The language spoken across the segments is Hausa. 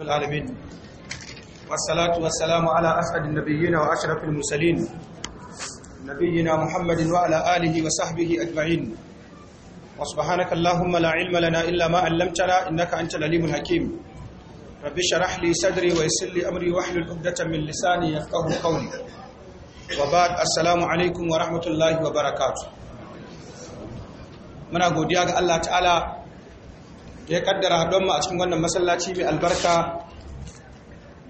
العالمين والصلاة والسلام على أسعد النبيين وأشرف المرسلين نبينا محمد وعلى آله وصحبه أجمعين وسبحانك اللهم لا علم لنا إلا ما علمتنا إنك أنت العليم الحكيم رب اشرح لي صدري ويسر لي أمري واحلل عقدة من لساني يفقهوا قولي وبعد السلام عليكم ورحمة الله وبركاته muna godiya ga Allah ta'ala ya kaddara don mu a cikin wannan masallaci mai albarka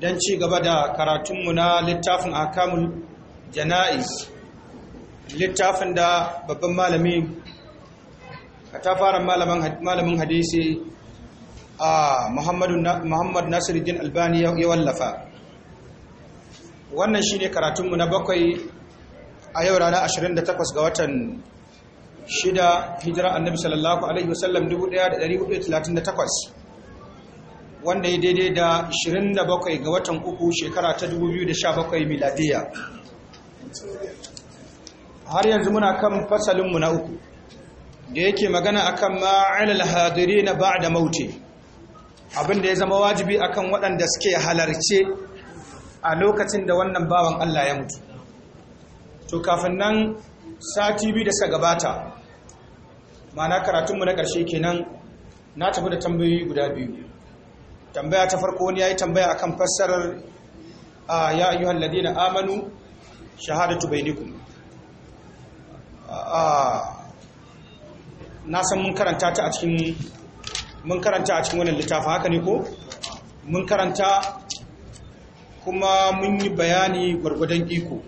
don ci gaba da karatunmu na littafin akamul jana'is littafin da babban malami a malamin hadisi a Nasiru nasiruddin albani ya wallafa wannan shi ne karatunmu na bakwai a yau rana 28 ga watan shida hijira annabi sallallahu alaihi wasallam 1438 wanda ya daidai da 27 ga watan uku shekara ta 2017 miladiya har yanzu muna kan fasalinmu na uku da yake magana akan ma'alal hadiri na ba da mauti abinda ya zama wajibi akan waɗanda suke halarce a lokacin da wannan bawan Allah ya mutu to kafin nan sati biyu da sa gabata ma'ana karatunmu na ƙarshe kenan na tafi da tambayoyi guda biyu tambaya ta farko ne ya yi tambaya akan fassarar ya hallade ladina amanu shahadatu bainikum na san mun karanta ta a cikin mun karanta a cikin wannan littafin haka ne ko mun karanta kuma mun yi bayani gwargwadon iko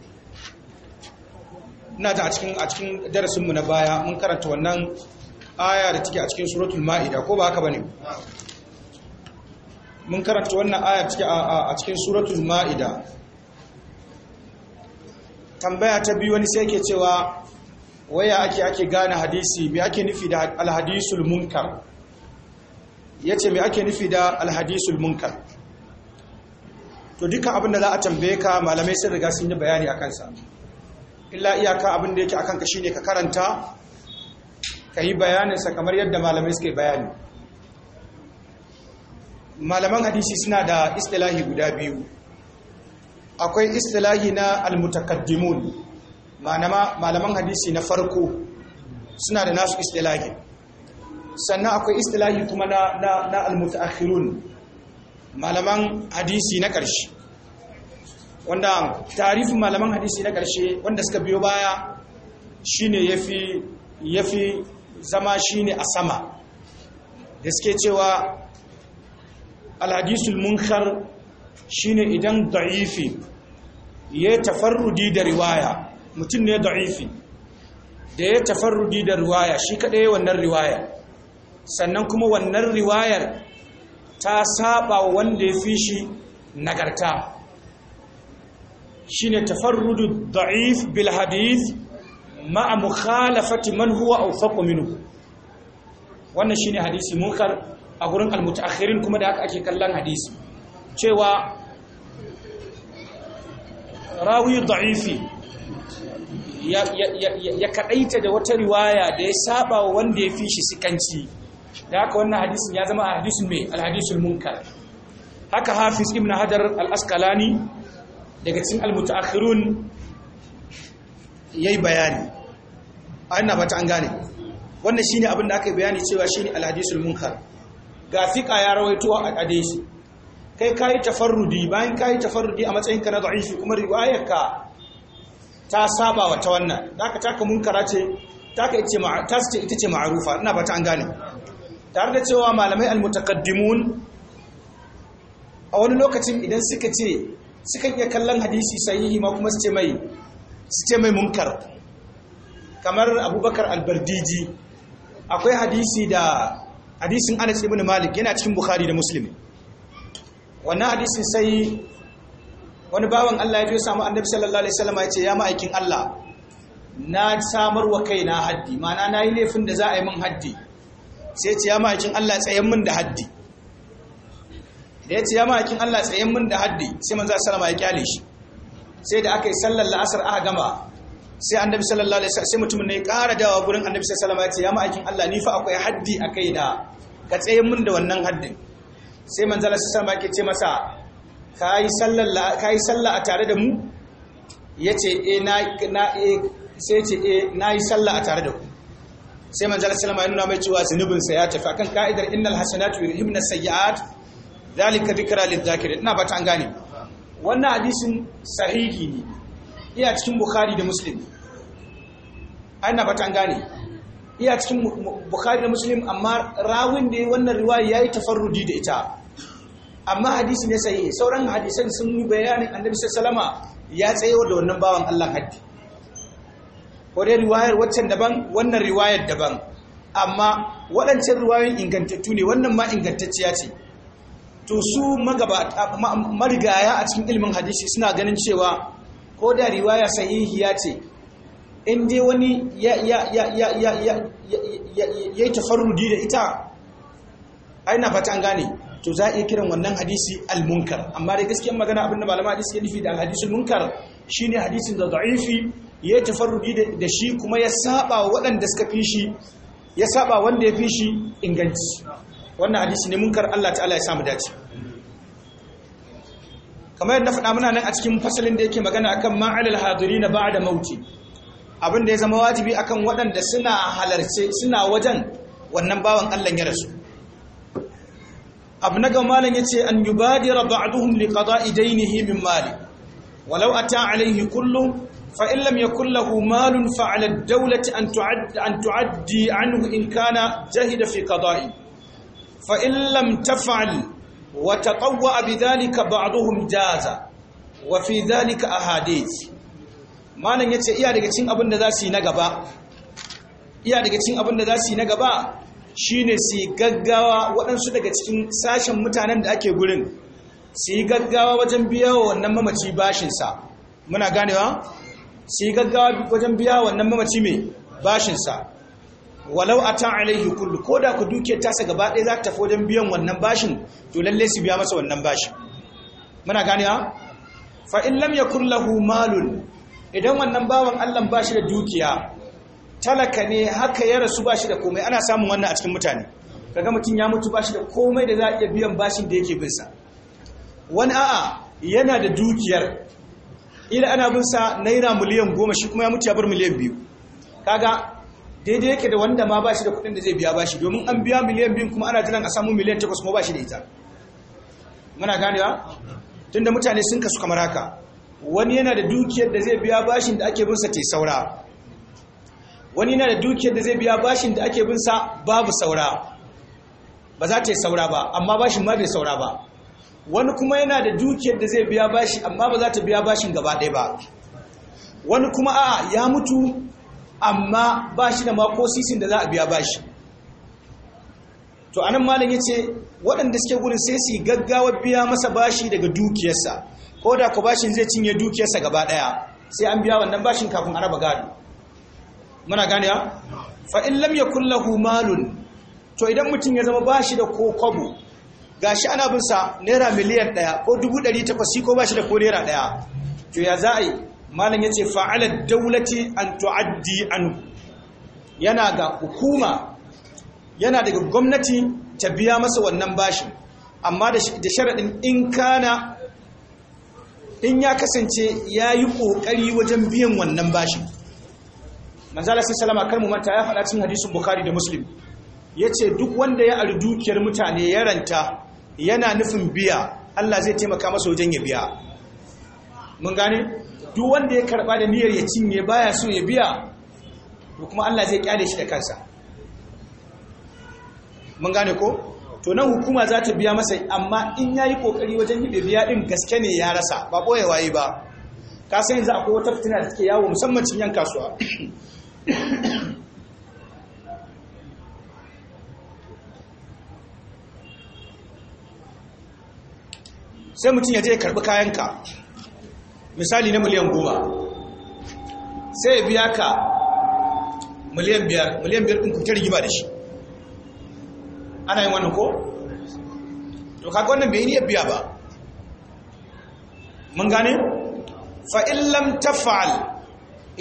ina ta a cikin darasinmu na baya mun karanta wannan aya da take a cikin suratul ma'ida ko ba haka bane mun karanta wannan aya take a cikin suratul ma'ida tambaya ta biyu wani sai ke cewa waya ake ake gane hadisi me ake nufi da alhadisul munkar yace me ake nufi da alhadisul munkar to dukkan abin da za a tambaye ka malamai sun riga sun yi bayani a kansa illa iyaka abin da yake akan ka shine ka karanta ka yi bayaninsa kamar yadda malamai suke bayani malaman hadisi suna da istilahi guda biyu akwai istilahi na almutakaddimun malaman hadisi na farko suna da nasu istilahi sannan akwai istilahi kuma na, na, na malaman hadisi na ƙarshe wanda tarifin malaman hadisi na ƙarshe wanda suka biyo baya shine yafi yafi zama shine a sama da suke cewa alhadisul munkar shine idan da'ifi ya tafarrudi da riwaya mutum ne da'ifi da ya tafarrudi da riwaya shi kaɗai wannan riwayar sannan kuma wannan riwayar ta saba wanda ya fi shi nagarta shine tafarrudu da'if bil hadith ma'a mukhalafati man huwa awfaqu minhu wannan shine hadisi munkar a gurin almutaakhirin kuma da haka ake kallon hadisi cewa rawi da'ifi ya ya kadaita da wata riwaya da ya saba wa wanda ya fi shi sikanci da haka wannan hadisin ya zama hadisin mai alhadisul munkar haka hafiz ibn Hadar al-asqalani daga cikin al yayi bayani a ina fata an gane wannan shine abin da aka yi bayani cewa shine alhadisul munkar ga fiqa ya rawaito a hadisi kai kai tafarrudi bayan kai tafarrudi a matsayin ka na da'ifi kuma riwayarka ta saba wa ta wannan zaka taka munkara ce ta ce ita ce ma'rufa ina fata an gane tare da cewa malamai almutaqaddimun a wani lokacin idan suka ce sukan iya kallon hadisi sahihi ma kuma su mai su ce mai munkar kamar abubakar albardiji akwai hadisi da hadisin anas ibn malik yana cikin bukhari da muslim wannan hadisin sai wani bawan allah ya fi samu annabi sallallahu alaihi wasallam ya ce ya ma'aikin allah na samar wa kaina haddi ma'ana na yi laifin da za a yi min haddi sai ce ya ma'aikin allah tsayen min da haddi da ya ce ya ma'aikin allah tsayen min da haddi sai manzo sallallahu ya kyale shi sai da aka yi sallar la'asar aka gama sai annabi sallallahu alaihi wasallam sai mutumin ne ya ƙara dawa gurin annabi sallallahu alaihi wasallam ya ce ya ma'aikin Allah ni fa akwai haddi a kai ka tsaye mun da wannan haddin sai manzala sallallahu alaihi wasallam ce masa kai sallallahu kai sallah a tare da mu yace eh na na eh. sai ce eh nayi salla a tare da ku sai manzala sallallahu alaihi wasallam ya nuna mai cewa zunubin sa ya tafi akan ka'idar innal hasanatu yurhibna sayyi'at zalika dhikra lidh-dhakirin ina ba ta an gane wannan hadisin sahihi ne iya cikin bukhari da muslim ana ba an gane iya cikin bukhari da muslim amma rawin da wannan riwaya yayi tafarrudi da ita amma hadisi ne sai sauran hadisan sun yi bayanin annabi sallama ya tsayo da wannan bawan Allah haddi ko dai riwayar waccan daban wannan riwayar daban amma waɗancan riwayoyin ingantattu ne wannan ma ingantacciya ce to su magaba marigaya a cikin ilimin hadisi suna ganin cewa ko da riwaya sahihiya ce in dai wani ya ya ya da ita aina fata an gane to za a iya kiran wannan hadisi al-munkar amma da gaskiyar magana abinda malama hadisi ya nufi da al-hadisul munkar shine hadisin da da'ifi ya tafarrudi da shi kuma ya saba waɗanda suka fi shi ya saba wanda ya fi shi inganci wannan hadisi ne munkar Allah ta'ala ya samu dace kamar yadda faɗa muna nan a cikin fasalin da yake magana akan ma'alil hadiri na ba da mauti abin da ya zama wajibi akan waɗanda suna halarce suna wajen wannan bawan Allah ya rasu abu na ga malam ya ce an yi badira da li qada'i dainihi min mali walau ata alaihi kullu fa in lam yakul lahu malun fa ala an tu'addi an tu'addi anhu in kana jahida fi qada'i fa in lam وتطوع بذلك بعضهم جازا وفي ذلك أحاديث malam yace iya daga cikin abin da za su yi na gaba iya daga cikin abin da za su yi na gaba shine su gaggawa waɗansu daga cikin sashen mutanen da ake gurin su yi gaggawa wajen biya wa wannan mamaci bashinsa muna ganewa su yi gaggawa wajen biya wa wannan mamaci mai bashinsa walau tan alaihi kullu ko da ku duke tasa gaba ɗaya za ta tafi wajen biyan wannan bashin to lalle su biya masa wannan bashin muna gane ha fa in lam yakul lahu malun idan wannan bawan Allah ba shi da dukiya talaka ne haka ya rasu bashi shi da komai ana samun wannan a cikin mutane kaga mutum ya mutu ba da komai da za a iya biyan bashin da yake bin sa wani a'a yana da dukiyar ila ana bin sa naira miliyan goma shi kuma ya mutu ya bar miliyan biyu kaga daidai yake da wanda ma ba shi da kudin da zai biya bashi domin an biya miliyan biyu kuma ana jiran a samu miliyan takwas kuma ba shi da ita muna ganewa tun da mutane sun kasu kamar haka wani yana da dukiyar da zai biya bashin da ake binsa te saura wani yana da dukiyar da zai biya bashin da ake binsa babu saura ba za ta yi saura ba amma bashin ma bai saura ba wani kuma yana da dukiyar da zai biya bashi amma ba za ta biya bashin gaba ɗaya ba wani kuma a ya mutu amma ba shi da mako sisin da za a biya ba shi to anan malam ce waɗanda suke gurin sai su gaggawa biya masa bashi daga dukiyarsa ko da ku bashin zai cinye dukiyarsa gaba ɗaya, sai an biya wannan bashin kafin araba gado muna gane ya fa in lam yakul lahu malun to idan mutum ya zama bashi da ko kwabo gashi ana bin sa naira miliyan ɗaya ko 1800 ko bashi da ko naira ɗaya, to ya za a malam ya ce fa'alar daulati an tu'addi anhu yana ga hukuma yana daga gwamnati ta biya masa wannan bashi amma da sharaɗin in kana in ya kasance ya yi ƙoƙari wajen biyan wannan bashi. manzala sai salama mu manta ya faɗa cin hadisin bukhari da muslim ya ce duk wanda ya ari dukiyar mutane ya ranta yana nufin biya allah zai taimaka masa wajen ya biya mun gane duk wanda ya karba da niyyar ya cinye baya so ya biya to kuma Allah zai kyale shi da kansa mun gane ko to nan hukuma za ta biya masa amma in yayi kokari wajen yi biya din gaske ne ya rasa ba boye waye ba ka san yanzu akwai wata fitina da take yawo musamman cin yan kasuwa sai mutum ya je ya karbi kayanka misali na miliyan goma sai ya biya ka miliyan biyar miliyan biyar ɗin kuta rigima da shi ana yin wannan ko? to kaga wannan bai niyyar biya ba mun gane? fa'in lam ta fa'al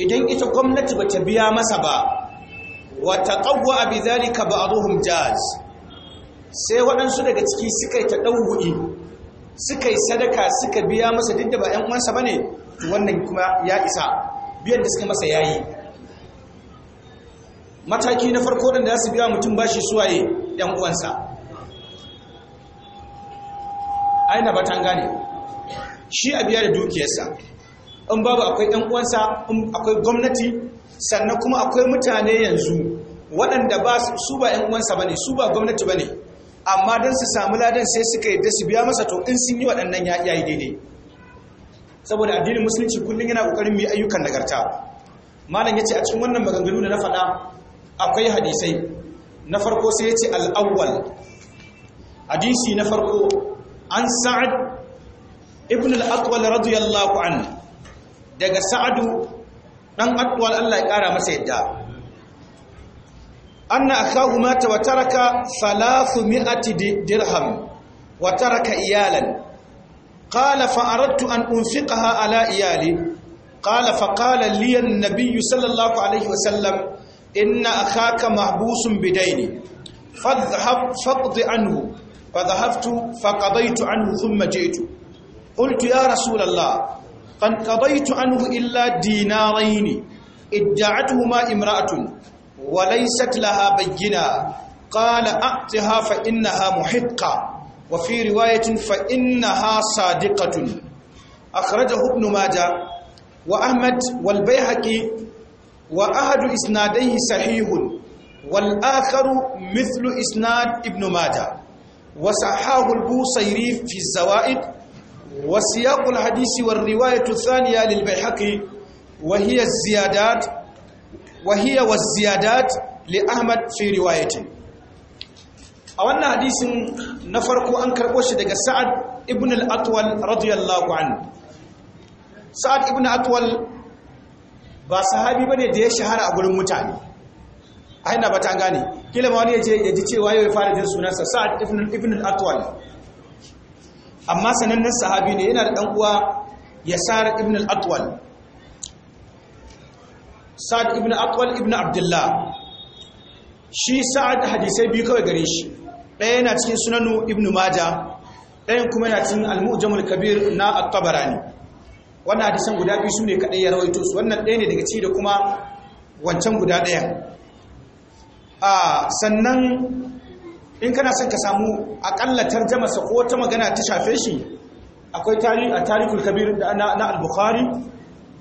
idan ita gwamnati ba ta biya masa ba wata ƙagwa a ka ba a ruhun jaz sai waɗansu daga ciki suka yi ta ɗauwu'i suka yi sadaka suka biya masa duk da ba ‘yan uwansa ba ne wannan kuma ya isa biyan da suka masa ya yi mataki na farko da za su biya mutum bashi suwaye ‘yan uwansa aina ba ta gane shi a biya da dukiyarsa in babu akwai ‘yan uwansa akwai gwamnati sannan kuma akwai mutane yanzu waɗanda ba su ba ‘yan uwansa ba ne su ba gwamnati ba ne amma don su samu ladan sai suka yarda su biya masa to in sun yi waɗannan ya yi daidai saboda addinin musulunci kullum yana ƙoƙarin mai ayyukan nagarta malam ya ce a cikin wannan maganganu da na faɗa akwai hadisai na farko sai ya ce al'awwal hadisi na farko an sa'ad ibn al'akwal radiyallahu an daga sa'adu ɗan atwal allah ya ƙara masa yadda anna akahu mata wa taraka 300 dirham wa taraka iyalan qala fa aradtu an unfiqaha ala iyali qala fa qala li an-nabiy sallallahu alayhi wa sallam inna akhaka mahbusun bidaini fadhhab faqdi anhu fadhhabtu faqadaytu anhu thumma ji'tu qultu ya rasul allah qad qadaytu anhu illa dinarayn ادعتهما imra'atun وليست لها بينة قال أعطها فإنها محقة وفي رواية فإنها صادقة أخرجه ابن ماجه وأحمد والبيهقي وأحد إسناديه صحيح والآخر مثل إسناد ابن ماجه وصححه البوصيري في الزوائد وسياق الحديث والرواية الثانية للبيهقي وهي الزيادات wahiya wa ziyadat li ahmad fi a wannan hadisin na farko an karɓo shi daga sa'ad ibn al radiyallahu an sa'ad ibn al ba sahabi bane da ya shahara a gurin mutane a hina ba ta gane kila ma wani ya ce ya ji cewa yau ya fara jin sunansa sa'ad ibn al amma sanannen sahabi ne yana da ɗan uwa yasar ibn al-atwal sa'ad ibn aqwal ibn abdullah shi sa'ad hadisai biyu kawai gare shi ɗaya yana cikin sunanu ibn maja ɗayan kuma yana cikin al-mu'jamul kabir na at-tabarani wannan hadisan guda biyu sune kadai ya rawaito su wannan ɗaya ne daga cikin da kuma wancan guda ɗaya a sannan in kana son ka samu akalla sa ko ta magana ta shafe shi akwai tarihi a tarihul kabir da na al-bukhari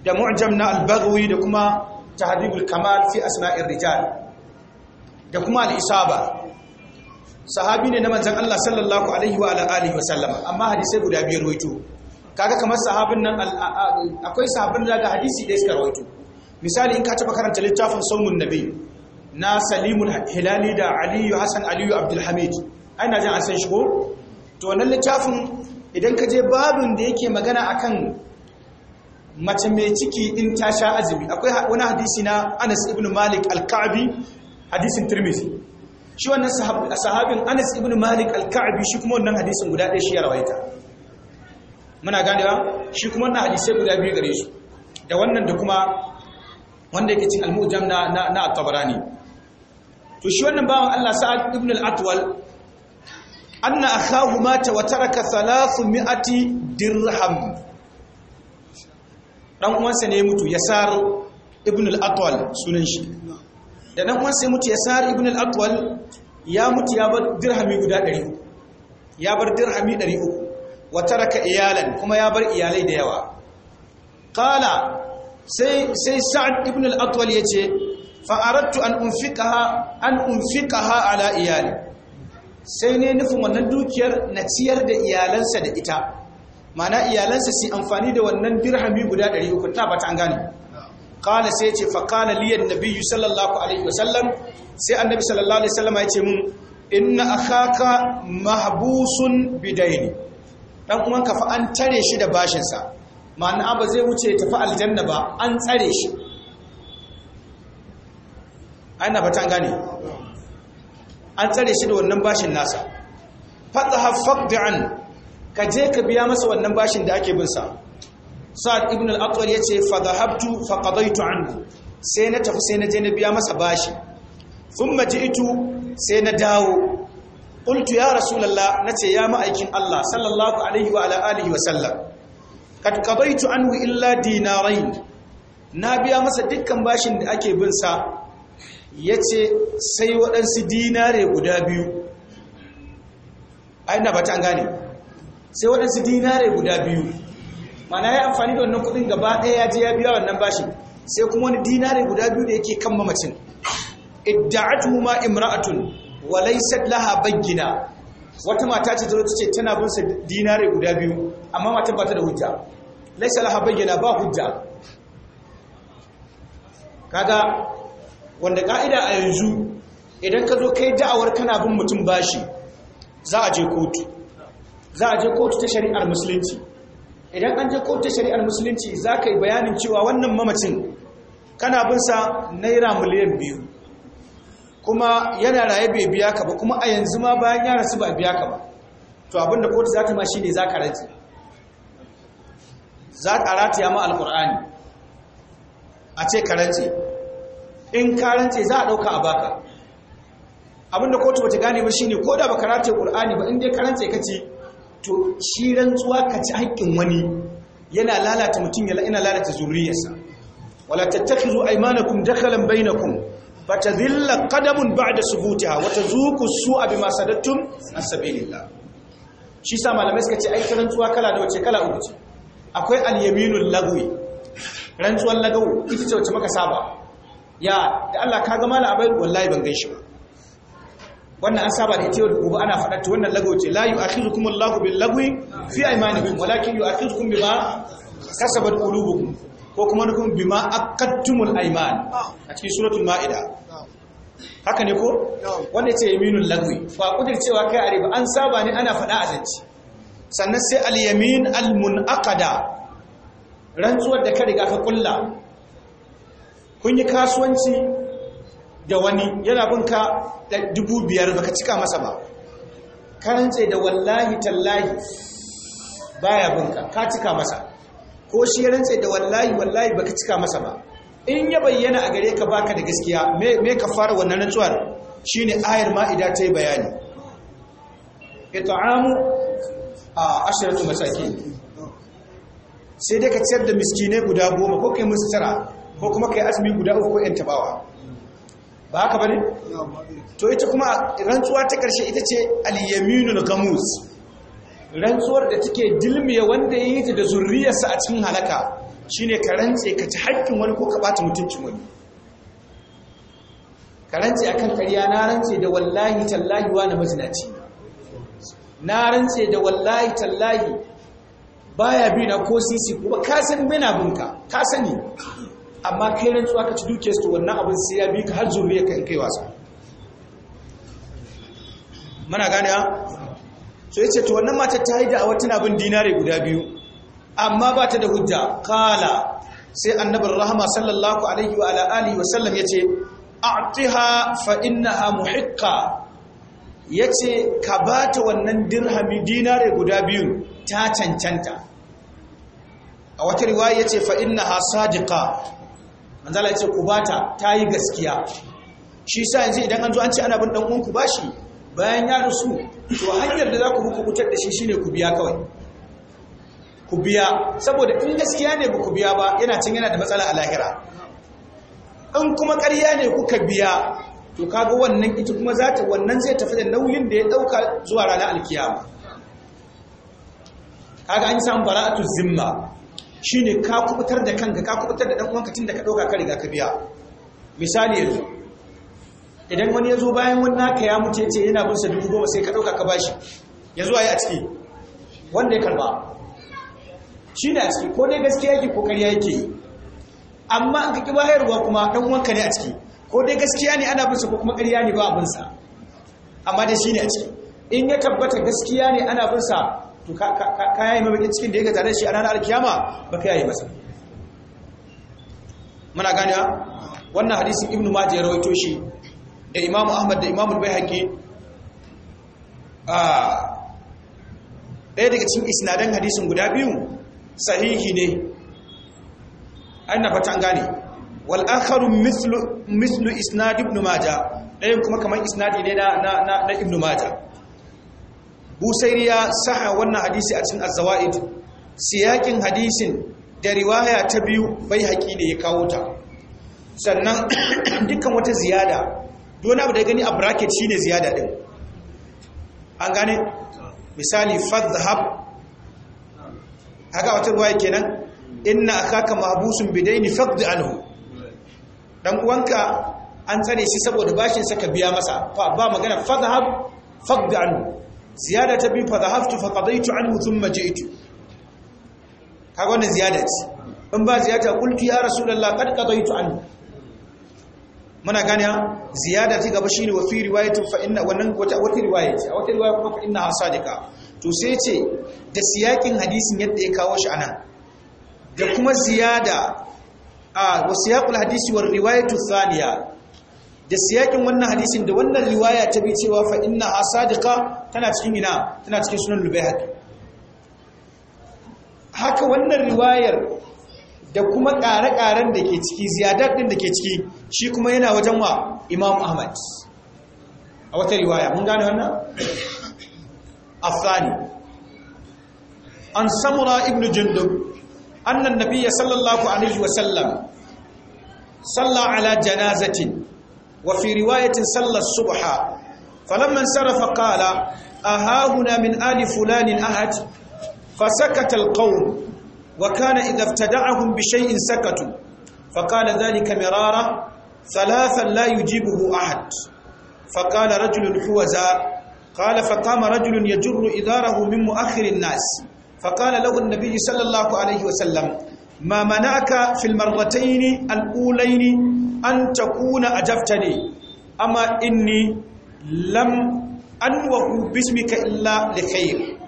da mu'jam na al-baghawi da kuma tahdibul kamal fi asma'ir rijal da kuma al-isaba sahabi ne na manzon Allah sallallahu alaihi wa alihi wa sallama amma hadisai guda biyar waito kaga kamar sahabin nan akwai sahabin da ga hadisi da suka rawaito misali in ka taba karanta littafin saumun nabi na salimun hilali da aliyu hasan aliyu abdul hamid ai na jin an san shi ko to wannan littafin idan ka je babin da yake magana akan mace mai ciki in ta sha azumi akwai wani hadisi na Anas ibn Malik al-Ka'bi hadisin Tirmidhi shi wannan sahabin Anas ibn Malik al-Ka'bi shi kuma wannan hadisin guda ɗaya shi ya rawaita muna ganewa shi kuma wannan hadisai guda biyu gare su da wannan da kuma wanda yake cin al-Mu'jam na na at-Tabarani to shi wannan bawan Allah Sa'ad ibn al-Atwal anna akhahu mata wa taraka 300 dirham dan uwansa ne ya mutu yasar ibn al-atwal sunan shi da dan uwansa ya mutu yasar ibn al-atwal ya mutu ya bar dirhami guda 100 ya bar dirhami 300 wa taraka iyalan kuma ya bar iyalai da yawa qala sai sai sa'ad ibn al-atwal yace fa aradtu an unfiqaha an unfiqaha ala iyali sai ne nufin wannan dukiyar na ciyar da iyalansa da ita mana iyalansa su amfani da wannan dirhami guda 300 ta bata an gane qala sai ce fa qala li annabi sallallahu alaihi wasallam sai annabi sallallahu alaihi wasallam ya ce mun inna akhaka mahbusun bidaini dan uwanka fa an tare shi da bashin sa ma'ana ba zai wuce tafi aljanna ba an tsare shi ana bata an gane an tsare shi da wannan bashin nasa fadha faqdan ka je ka biya masa wannan bashin da ake bin sa sa'ad ibn al-aqwal yace fa dhahabtu fa qadaytu anhu sai na tafi sai na je na biya masa bashi thumma ji'tu sai na dawo qultu ya rasulullah nace ya ma'aikin Allah sallallahu alaihi wa ala alihi wa sallam kad qadaytu anhu illa dinarain na biya masa dukkan bashin da ake bin sa yace sai waɗansu dinare guda biyu ai ba ta gane sai waɗansu dinare guda biyu mana ya amfani da wannan kuɗin gaba ɗaya ya je ya biya wannan bashi sai kuma wani dinare guda biyu da yake kan mamacin idda'atu ma imra'atun wa laysat laha bayyina wata mata ce ta ce tana bin sa dinare guda biyu amma mata ba ta da hujja laysa laha bayyina ba hujja kaga wanda ka'ida a yanzu idan ka zo kai da'awar kana bin mutum bashi za a je kotu za a je kotu ta shari'ar musulunci idan an je kotu ta shari'ar musulunci za ka yi bayanin cewa wannan mamacin kana binsa naira miliyan biyu kuma yana raye bai biya ka ba kuma a yanzu ma bayan ya su ba biya ka ba to abinda kotu za ta ma shi ne za ka raji za a rataya ma alkur'ani a ce ka rati in ka rati za a ɗauka a baka abinda kotu ba ta gane ba shi ne ko da ba ka ƙur'ani ba in dai ka rati ka ce to shi rantsuwa ka ci haƙƙin wani yana lalata mutum yana lalata zuriyarsa wala tattakhizu aymanakum dakhalan bainakum fatadhilla qadamun ba'da subutiha wa tazuku sua bima sadattum an sabilillah shi sa malamai suka ce aikin rantsuwa kala da wace kala uku ce akwai al-yaminul lagwi rantsuwar lagawu ita ce wacce muka saba ya da Allah ka ga mala abai wallahi ban gaishe ba wannan an saba da ita yau da gobe ana faɗa ta wannan lagu ce la yu'akhirukum Allahu bil lagwi fi aymanikum walakin yu'akhirukum bima kasabat qulubukum ko kuma nukum bima aqattumul ayman a cikin suratul maida haka ne ko wanda ce yaminul lagwi fa kudir cewa kai a riba. an saba ne ana faɗa a zance sannan sai al yamin al munaqada rantsuwar da ka riga ka kulla kun yi kasuwanci da wani yana binka dubu biyar baka cika masa ba karance da wallahi tallahi baya binka ka cika masa ko shi ya rantse da wallahi wallahi baka cika masa ba in ya bayyana a gare ka baka da gaskiya me me ka fara wannan rantsuwar shine ayar ma'ida ta yi bayani it'amu a asharatu masakin sai dai ka ciyar da miskinai guda goma ko kai musu tara ko kuma kai azumi guda uku ko yan tabawa ba haka bane to ita kuma rantsuwa ta karshe ita ce al na gamus rantsuwar da take dilmiya wanda yi ta da zurriyarsa a cikin halaka ne ka rantse ka ci haƙƙin wani ko ka ta mutuncin wani ka rantse a kan ƙarya na rantse da wallahi tallahi wa na mazinaci na rantse da wallahi tallahi baya bi na ko sisi kuma ka san muna binka ka sani amma kai rantsuwa ka ci duke su wannan abin sai ya bi ka har zuriya kan kai wasa mana gane ha so yace to wannan mace ta yi da'awa tana bin dinare guda biyu amma ba ta da hujja kala sai annabi rahama sallallahu alaihi wa alihi wa sallam yace a'tiha fa innaha muhiqqa yace ka bata wannan dirhami dinare guda biyu ta cancanta a wata riwaya yace fa innaha sadiqa manzala ya ce ku bata ta yi gaskiya shi sa yanzu idan an zo an ce ana bin ɗan'un ku bashi bayan ya rusu to hanyar da za ku muku kutar da shi shine ku biya kawai ku biya saboda in gaskiya ne ba ku biya ba yana cin yana da matsala a lahira in kuma ƙarya ne kuka biya to kaga wannan ita kuma za ta wannan zai tafi da nauyin da ya ɗauka zuwa ranar alkiyama kaga an samu bara'atu zimma ne ka kubutar da kanka ka kubutar da ɗan uwanka tun da ka ɗauka ka riga ka biya misali yanzu idan wani ya zo bayan wani naka ya mutu ce yana bin dubu goma sai ka ɗauka ka bashi yanzu ayi a ciki wanda ya karba ne a ciki ko dai gaskiya yake ko karya yake yi amma an ka bayarwa kuma ɗan uwanka ne a ciki ko dai gaskiya ne ana bin sa ko kuma karya ne ba a sa amma dai shi ne a ciki in ya tabbata gaskiya ne ana bin sa to ka yayi mabakin cikin da yake tare shi a ranar alkiyama ba ka yayi masa muna gane wannan hadisin ibnu majah rawaito shi da imamu ahmad da imamu al-baihaqi a ah, ɗaya daga cikin isnadan hadisin guda biyu sahihi ne ai na fatan gane wal akharu mithlu mithlu isnad ibn majah ɗayan kuma kamar isnadi ne na na na ibn majah busairi ya saha wannan hadisi a cikin azawaid siyakin hadisin da riwaya ta biyu bai haƙi ne ya kawo ta sannan dukkan wata ziyada dona abu da gani a bracket shine ziyada din an gane misali fadhab haka wata ruwaya kenan inna akaka mahbusun bidaini faqd anhu dan uwanka an tsare shi saboda bashin saka biya masa ba magana fadhab faqd anhu ziyada ta biyu fa zahabtu fa qadaytu anhu thumma ji'tu kaga wannan ziyada ce in ba ziyada qultu ya rasulullah qad qadaytu anhu muna gani gane ziyada ta gaba shine wa fi riwayatu fa inna wannan wata wata riwaya ce wata riwaya kuma fa inna hasadika to sai ce da siyakin hadisin yadda ya kawo shi anan da kuma ziyada a wasiyaqul hadisi war riwayatu thaniya da siyakin wannan hadisin da wannan riwaya ta bi cewa fa inna asadiqa tana cikin ina tana cikin sunan lubayhaqi haka wannan riwayar da kuma ƙare-ƙaren da ke ciki ziyadar ɗin da ke ciki shi kuma yana wajen wa imam ahmad a wata riwaya mun gane wannan afani an samura ibn jundub annan nabiyya sallallahu alaihi wa sallam, salla ala janazatin وفي رواية صلى الصبح فلما انصرف قال أهاهنا من آل فلان أحد فسكت القوم وكان إذا افتدعهم بشيء سكتوا فقال ذلك مرارا ثلاثا لا يجيبه أحد فقال رجل حوزا قال فقام رجل يجر إداره من مؤخر الناس فقال له النبي صلى الله عليه وسلم ما منعك في المرتين الأولين an takuna kuna a jafta ne amma inni lam an wahu bismika illa da khair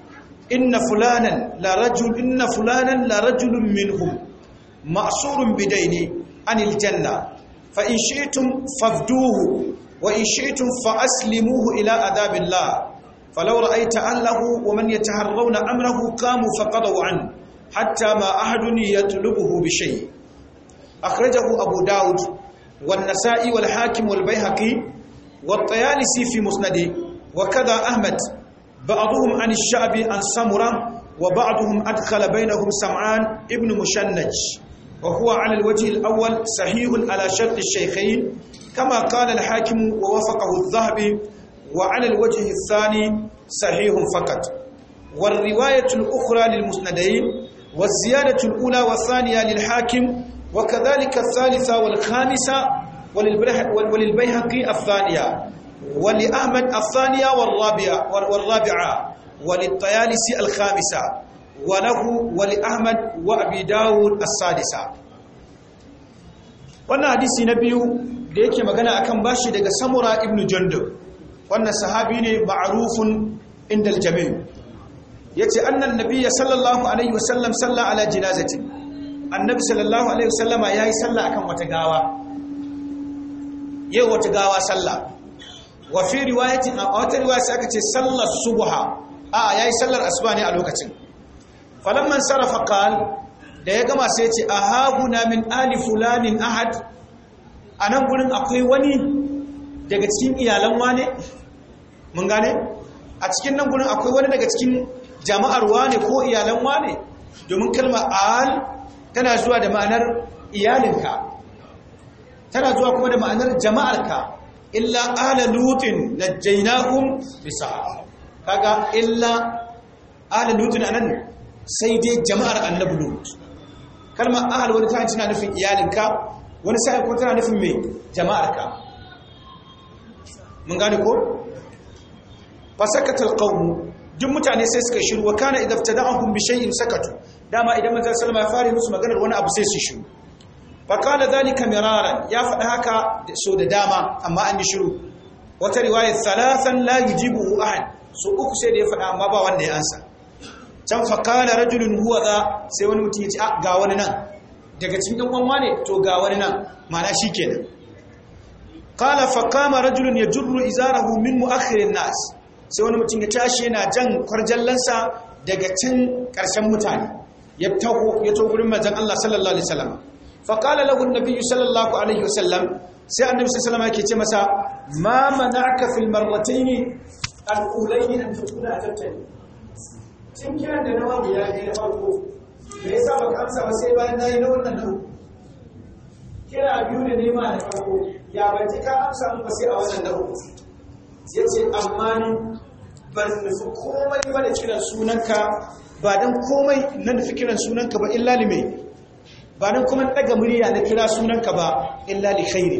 inna fulanan la rajul inna fulanan la rajulun minhum ma'surun bidaini anil janna fa in shaytum fafduhu wa in shaytum fa aslimuhu ila adabi llah falaw ra'aita allahu wa man yataharrawna amrahu qamu fa qadaw an hatta ma ahadun yatlubuhu bi shay akhrajahu abu Dawud. والنسائي والحاكم والبيهقي والطيالسي في مسنده وكذا أحمد بعضهم عن الشعبي عن سمرة وبعضهم أدخل بينهم سمعان ابن مشنج وهو على الوجه الأول صحيح على شرط الشيخين كما قال الحاكم ووفقه الذهبي وعلى الوجه الثاني صحيح فقط والرواية الأخرى للمسندين والزيادة الأولى والثانية للحاكم وكذلك الثالثة والخامسة وللبيهقي الثانية ولأحمد الثانية والرابعة والرابعة وللطيالسي الخامسة وله ولأحمد وأبي داود السادسة wannan hadisi na biyu da yake magana akan bashi daga samura ibnu jando wannan sahabi ne ma'rufun indal jami' yace annan nabiyya sallallahu alaihi wasallam salla ala jinazatin annabi sallallahu alaihi wasallama ya yi sallah akan wata gawa yau wata gawa sallah wa fi riwayatin a wata riwaya sai aka ce sallar subha a yayi sallar asuba ne a lokacin falamman sarafa qal da ya gama sai ya ce na min ali fulanin ahad anan gurin akwai wani daga cikin iyalan wane mun gane a cikin nan gurin akwai wani daga cikin jama'ar wane ko iyalan wane domin kalmar al tana zuwa da ma'anar iyalinka tana zuwa kuma da ma'anar jama'arka illa ala lutin najjaynahum bisa kaga illa ala lutin anan sai dai jama'ar annabi lut kalmar ahal wani ta tana nufin iyalinka wani sai ko tana nufin me jama'arka mun gane ko fasakatul qawm duk mutane sai suka shiru wa kana idza tada'ahum bi shay'in sakatu dama idan manzon sallama ya fara musu maganar wani abu sai su shiru faqala dhalika miraran ya fada haka so da dama amma an yi shiru wata riwaya thalathan la yujibu ahad so uku sai da ya fada amma ba wanda ya ansa can faqala rajulun huwa za sai wani mutum ya ce ah ga wani nan daga cikin ɗan uwan ne to ga wani nan ma'ana shikenan qala faqama rajulun yajurru izarahu min mu'akhirin nas sai wani mutum ya tashi yana jan kwarjallansa daga cin karshen mutane ya taho ya to gurin manzon Allah sallallahu alaihi wasallam fa qala lahu an sallallahu alaihi wasallam sai annabi sallallahu alaihi wasallam yake ce masa ma mana'aka fil marratayn al-ulayn an tukuna atattani cin kiran da na wani ya ne na farko me yasa baka amsa ba sai bayan na yi na wannan nawa kira biyu da nema na farko ya ban ji ka amsa ba sai a wannan nawa ce amma ni ban nufi komai ba da kiran sunanka ba don komai na nufi kiran sunanka ba illa lime ba don kuma daga murya na kira sunanka ba illa li khairi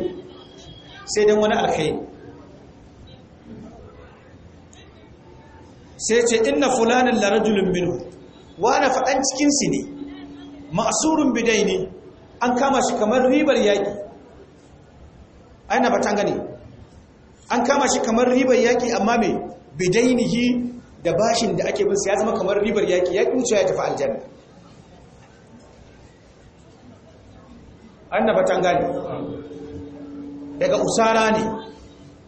sai don wani alkhairi sai ce inna fulanan la rajulun minhu wa ana fadan cikin su ne ma'surun ne. an kama shi kamar ribar yaki aina batan gani? an kama shi kamar ribar yaki amma me yi da bashin da ake bin ya zama kamar ribar yaki yaki wuce ya tafi aljanna annaba tangani daga usara ne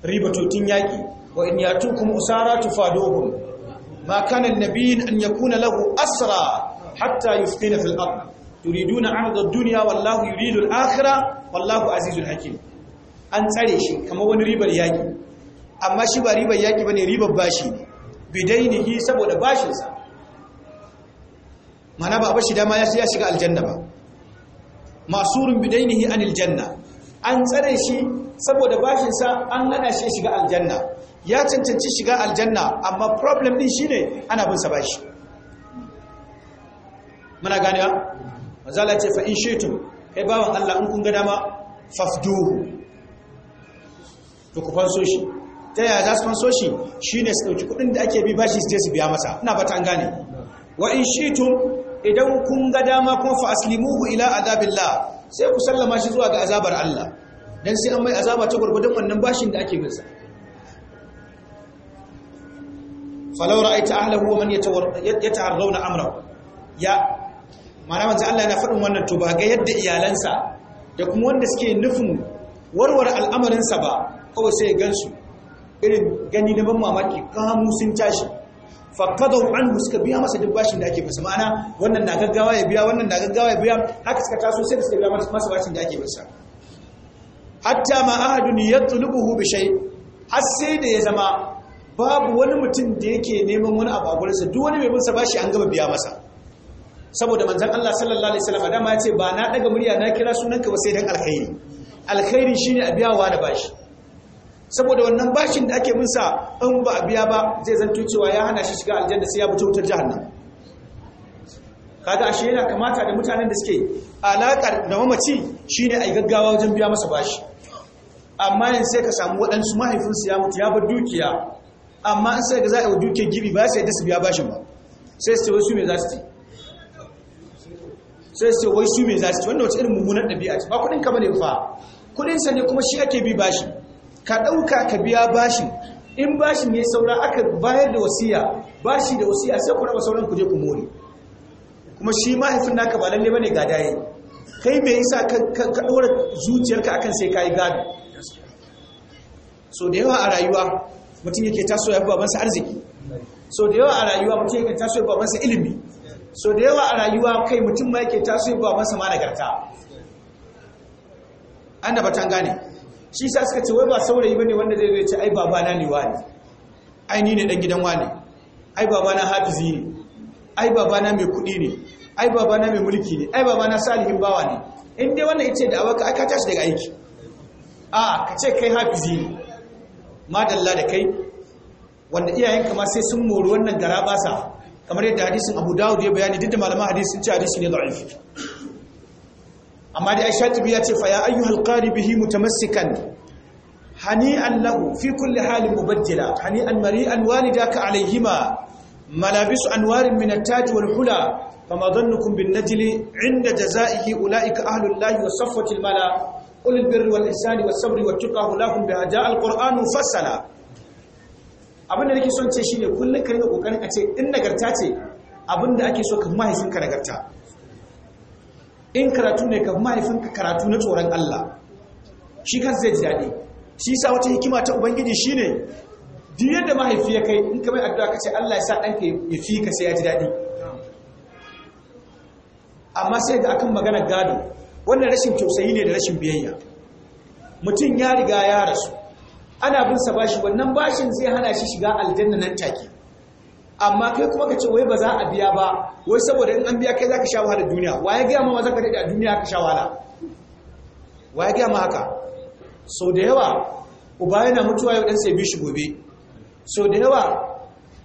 ribatotin yaki wa in yatukum usara tufaduhum ma kana an-nabiyyin an yakuna lahu asra hatta yufqina fil ard turiduna 'arda ad-dunya wallahu yuridu al-akhirah wallahu azizul hakim an tsare shi kamar wani ribar yaki amma shi ba ribar yaki bane ribar bashi ne bidainihi saboda bashinsa mana ba bashi dama ya shiga aljanna ba masurun bidainihi anil janna an tsare shi saboda bashinsa an hana shi shiga aljanna ya cancanci shiga aljanna amma problem din shine ana bin sa bashi muna ganewa mazala ce fa in shaitum kai bawan Allah in kun ga dama fafduhu to ku fanso shi ta yaya za su fanso shi shine su ɗauki kuɗin da ake bi bashi su je su biya masa ina bata an gane wa in tun idan kun ga dama kuma fa aslimuhu ila azabillah sai ku sallama shi zuwa ga azabar Allah dan sai an mai azaba ta gurgudun wannan bashin da ake bin sa falau ra'aita ahlahu wa man yata'arrawna amrahu ya mana manzo Allah yana faɗin wannan to ba ga yadda iyalansa da kuma wanda suke nufin warware al'amarin sa ba kawai sai ya gansu irin gani na ban mamaki kamu sun tashi fakkadau an suka biya masa duk bashin da ake masa ma'ana wannan na gaggawa ya biya wannan na gaggawa ya biya haka suka taso sai da suka biya masa bashin da ake masa hatta ma ahadun yatlubuhu bi shay har sai da ya zama babu wani mutum da yake neman wani abu a gurinsa duk wani mai bin sa bashi an gaba biya masa saboda manzon Allah sallallahu alaihi wasallam dama ya ce ba na daga murya na kira sunanka ba sai dan alkhairi alkhairi shine a wa da bashi saboda wannan bashin da ake minsa in ba a biya ba zai zanto cewa ya hana shi shiga aljanna sai ya bi wutar jahannam kaga ashe yana kamata da mutanen da suke alakar da mamaci shine ai gaggawa wajen biya masa bashi amma yanzu sai ka samu waɗansu mahaifinsu ya mutu ya bar dukiya amma an sai ga za a yi dukiyar gibi ba sai da su biya bashin ba sai su ce wai su me za su ci sai su ce wai su me za su ci wannan wata irin mummunar ɗabi'a ce ba kudin ka bane fa kuɗin sa ne kuma shi ake bi bashi ka ɗauka ka biya bashin in bashin ne saura aka bayar da wasiya bashi da wasiya sai ku raba sauran ku je ku more kuma shi mahaifin naka ba lalle bane ga daye kai me yasa ka ɗora zuciyarka akan sai kai gado so da yawa a rayuwa mutum yake taso ya babansa arziki so da yawa a rayuwa mutum yake taso ya babansa ilimi so da yawa a rayuwa kai mutum ma yake taso ya babansa ma nagarta annaba tan gane shi sa suka ce wai ba saurayi bane wanda zai zai ce ai babana ne wani ai ni ne dan gidan wani ai babana hafizi ne ai babana mai kuɗi ne ai babana mai mulki ne ai babana salihin bawa ne in dai wannan ce da abaka ai ka tashi daga aiki a ka ce kai hafizi ne madalla da kai wanda iyayenka ma sai sun mori wannan gara basa kamar yadda hadisin Abu Dawud ya bayani duk da malaman hadisi sun ce hadisi ne da'if amma dai shatibi ya ce fa ya ayyuhal qari bihi mutamassikan hani'an lahu fi kulli halin mubaddila hani'an mari'an walidaka alayhima malabisu anwarin min at-taj wal hula fama dhannukum bin najli 'inda jazaihi ulaika ahlul lahi wa safwatil mala ulul birri wal ihsani was sabri wat tuqa lahum bi ajal qur'anu fasala abinda nake son ce shine kullun ka rinka kokarin a ce in nagarta ce abinda ake so ka mahaifinka nagarta in karatu ne ka mahaifinka karatu na tsoron Allah shi kan zai ji daɗi shi sa wata hikima ta ubangiji shi ne. duk da mahaifi ya kai in ka mai addu'a ka ce Allah ya sa ɗanka ya fi ka sai ya ji daɗi amma sai ga akan magana gado wannan rashin tausayi ne da rashin biyayya mutum ya riga ya rasu ana bin sa bashi wannan bashin zai hana shi shiga aljanna nan take amma kai kuma ka ce wai ba za a biya ba wai saboda in an biya kai za ka sha wahala duniya wa ya gaya ma za ka daɗe a duniya ka sha wahala wa ya gaya ma haka sau da yawa uba yana mutuwa yau ɗan sai bi shi gobe sau da yawa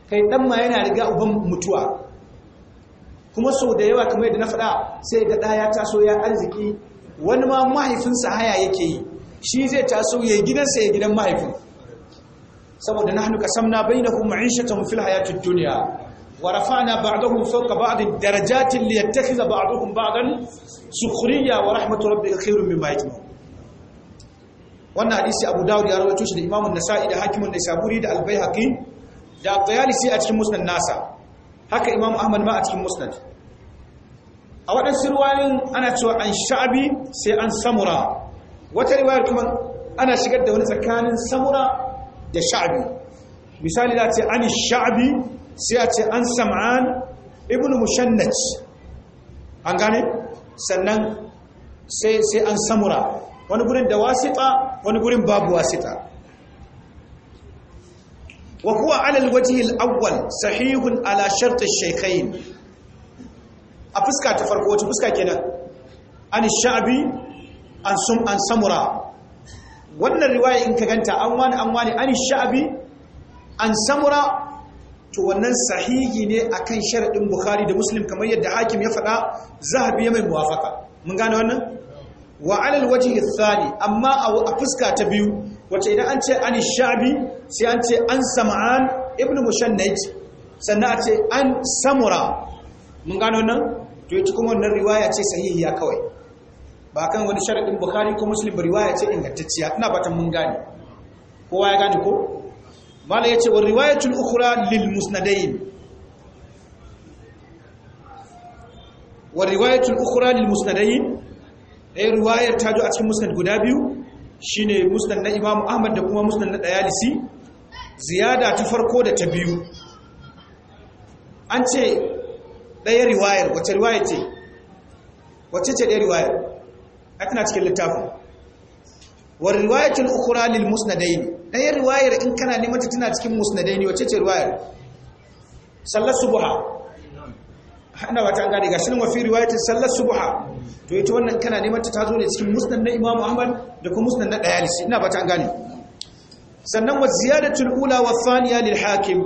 kai ɗan ma yana riga uban mutuwa kuma sau da yawa kamar yadda na faɗa sai ga ɗaya ya taso ya arziki wani ma mahaifinsa haya yake yi shi zai taso ya yi gidansa ya gidan mahaifin saboda nahnu qasamna bainahum ma'ishatahum fil hayatid dunya wa rafa'na ba'dahum fawqa ba'din darajatin liyattakhidha ba'dahum ba'dan sukhriya wa rahmatu rabbika khairun mimma yajma'un wannan hadisi Abu Dawud ya rawaito shi da Imam nasai da Hakim an da Al-Baihaqi da Al-Bayalisi a cikin Musnad nasa haka Imam Ahmad ma a cikin Musnad a waɗansu ruwayoyin ana cewa an sha'abi sai an samura wata riwayar kuma ana shigar da wani tsakanin samura da sha'abi misali za ce an sha'abi sai a ce an sam'an ibn mushannat an gane sannan sai sai an samura wani gurin da wasita wani gurin babu wasita wa huwa ala alwajhi alawwal sahihun ala shart ash a fuska ta farko wace fuska kenan an sha'abi an sum an samura wannan riwaya in ka ganta an wani an wani an sha'abi an samura to wannan sahihi ne akan sharadin bukhari da muslim kamar yadda hakim ya faɗa zahabi ya mai muwafaka mun gane wannan wa alal wajhi thani amma a fuska ta biyu wace idan an ce an sha'abi sai an ce an sam'an ibnu mushannad sannan a ce an samura mun gane wannan to ita kuma wannan riwaya ce sahihiya kawai ba kan wani sharaɗin bukari ko muslim riwaya ce ingantacciya ina batan mun gane kowa ya gane ko mala yace wa riwayatul ukura lil musnadain wa riwayatul ukura lil musnadain ɗaya eh, riwayar ta jo a cikin musnad guda biyu shine musnad na imamu ahmad da kuma musnad na dayalisi ziyada ta farko da ta biyu an ce ɗaya riwayar wacce riwayar ce Wacce ce ɗaya riwayar atina cikin littafin wa riwayatul ukhra lil musnadain dai riwayar in kana neman ta tana cikin musnadain wace ce riwayar sallar subha ina wata an gane gashin wa fi riwayatul sallar subha to ita wannan kana neman ta tazo ne cikin musnad na Imam Ahmad da kuma musnad na Dayalisi ina ba ta an gane sannan wa ziyadatul ula wa thaniya lil hakim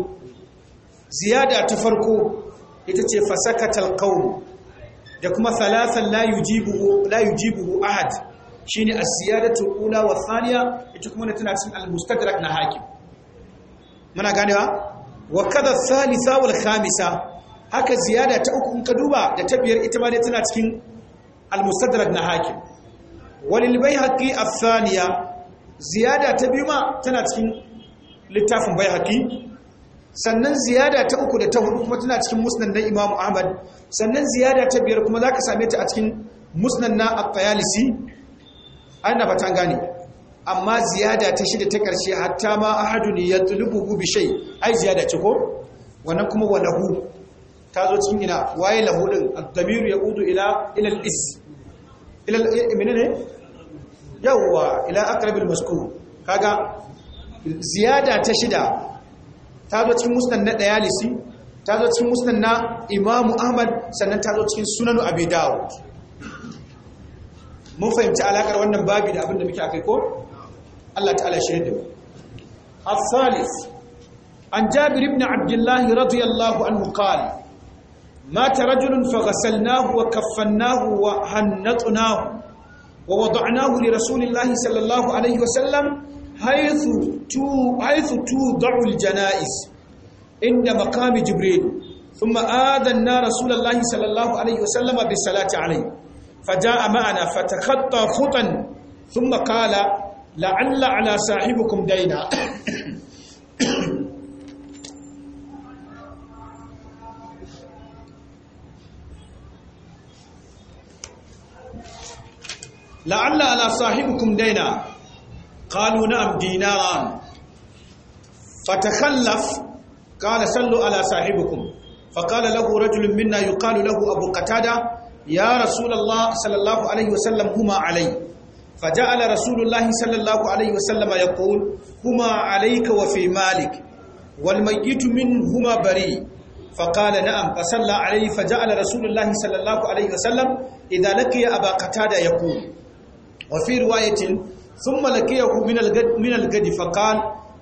ziyada ta farko ita ce fasakatal qawm da kuma salasan la yujibuhu la yujibuhu ahad shine a siyadatu ula wa Saniya, ita kuma tana cikin al-mustadrak na hakim muna ganewa wa kadha thalitha wal khamisa haka ziyada ta uku in ka duba da ta biyar ita ma dai tana cikin al-mustadrak na hakim walil bayhaqi a Saniya? ziyada ta biyu ma tana cikin littafin bayhaqi sannan ziyada ta uku da ta hudu kuma tana cikin musnad na Imam Ahmad sannan ziyada ta biyar kuma za ka same ta a cikin musnad na At-Tayalisi ana fatan gane amma ziyada ta shida ta karshe hatta ma ahadun tulubu bi shay ai ziyada ce ko wannan kuma walahu ta zo cikin ina waye lahu din ad-damiru yaudu ila ila al-is ila eh, menene yawwa ila aqrabil maskur kaga ziyada ta shida ta zo cikin musnad na dayalisi ta zo cikin musnad na imamu ahmad sannan ta zo cikin sunanu abi dawud mun fahimci alakar wannan babi da abinda da muke akai ko Allah ta'ala shirye da mu as-salis an jabir ibn abdullah radiyallahu anhu qala مات رجل فغسلناه وكفناه وهنطناه ووضعناه لرسول الله صلى الله عليه وسلم حيث تو حيث توضع الجنائز عند مقام جبريل ثم آذنا رسول الله صلى الله عليه وسلم بالصلاة عليه فجاء معنا فتخطى خطا ثم قال لعل على صاحبكم دينا لعل على صاحبكم دينا قالوا نعم ديناران فتخلف قال صلوا على صاحبكم فقال له رجل منا يقال له أبو قتادة يا رسول الله صلى الله عليه وسلم هما علي فجعل رسول الله صلى الله عليه وسلم يقول هما عليك وفي مالك والميت منهما بريء فقال نعم فصلى عليه فجعل رسول الله صلى الله عليه وسلم إذا لقي أبا قتادة يقول وفي رواية ثم لقيه من من الغد فقال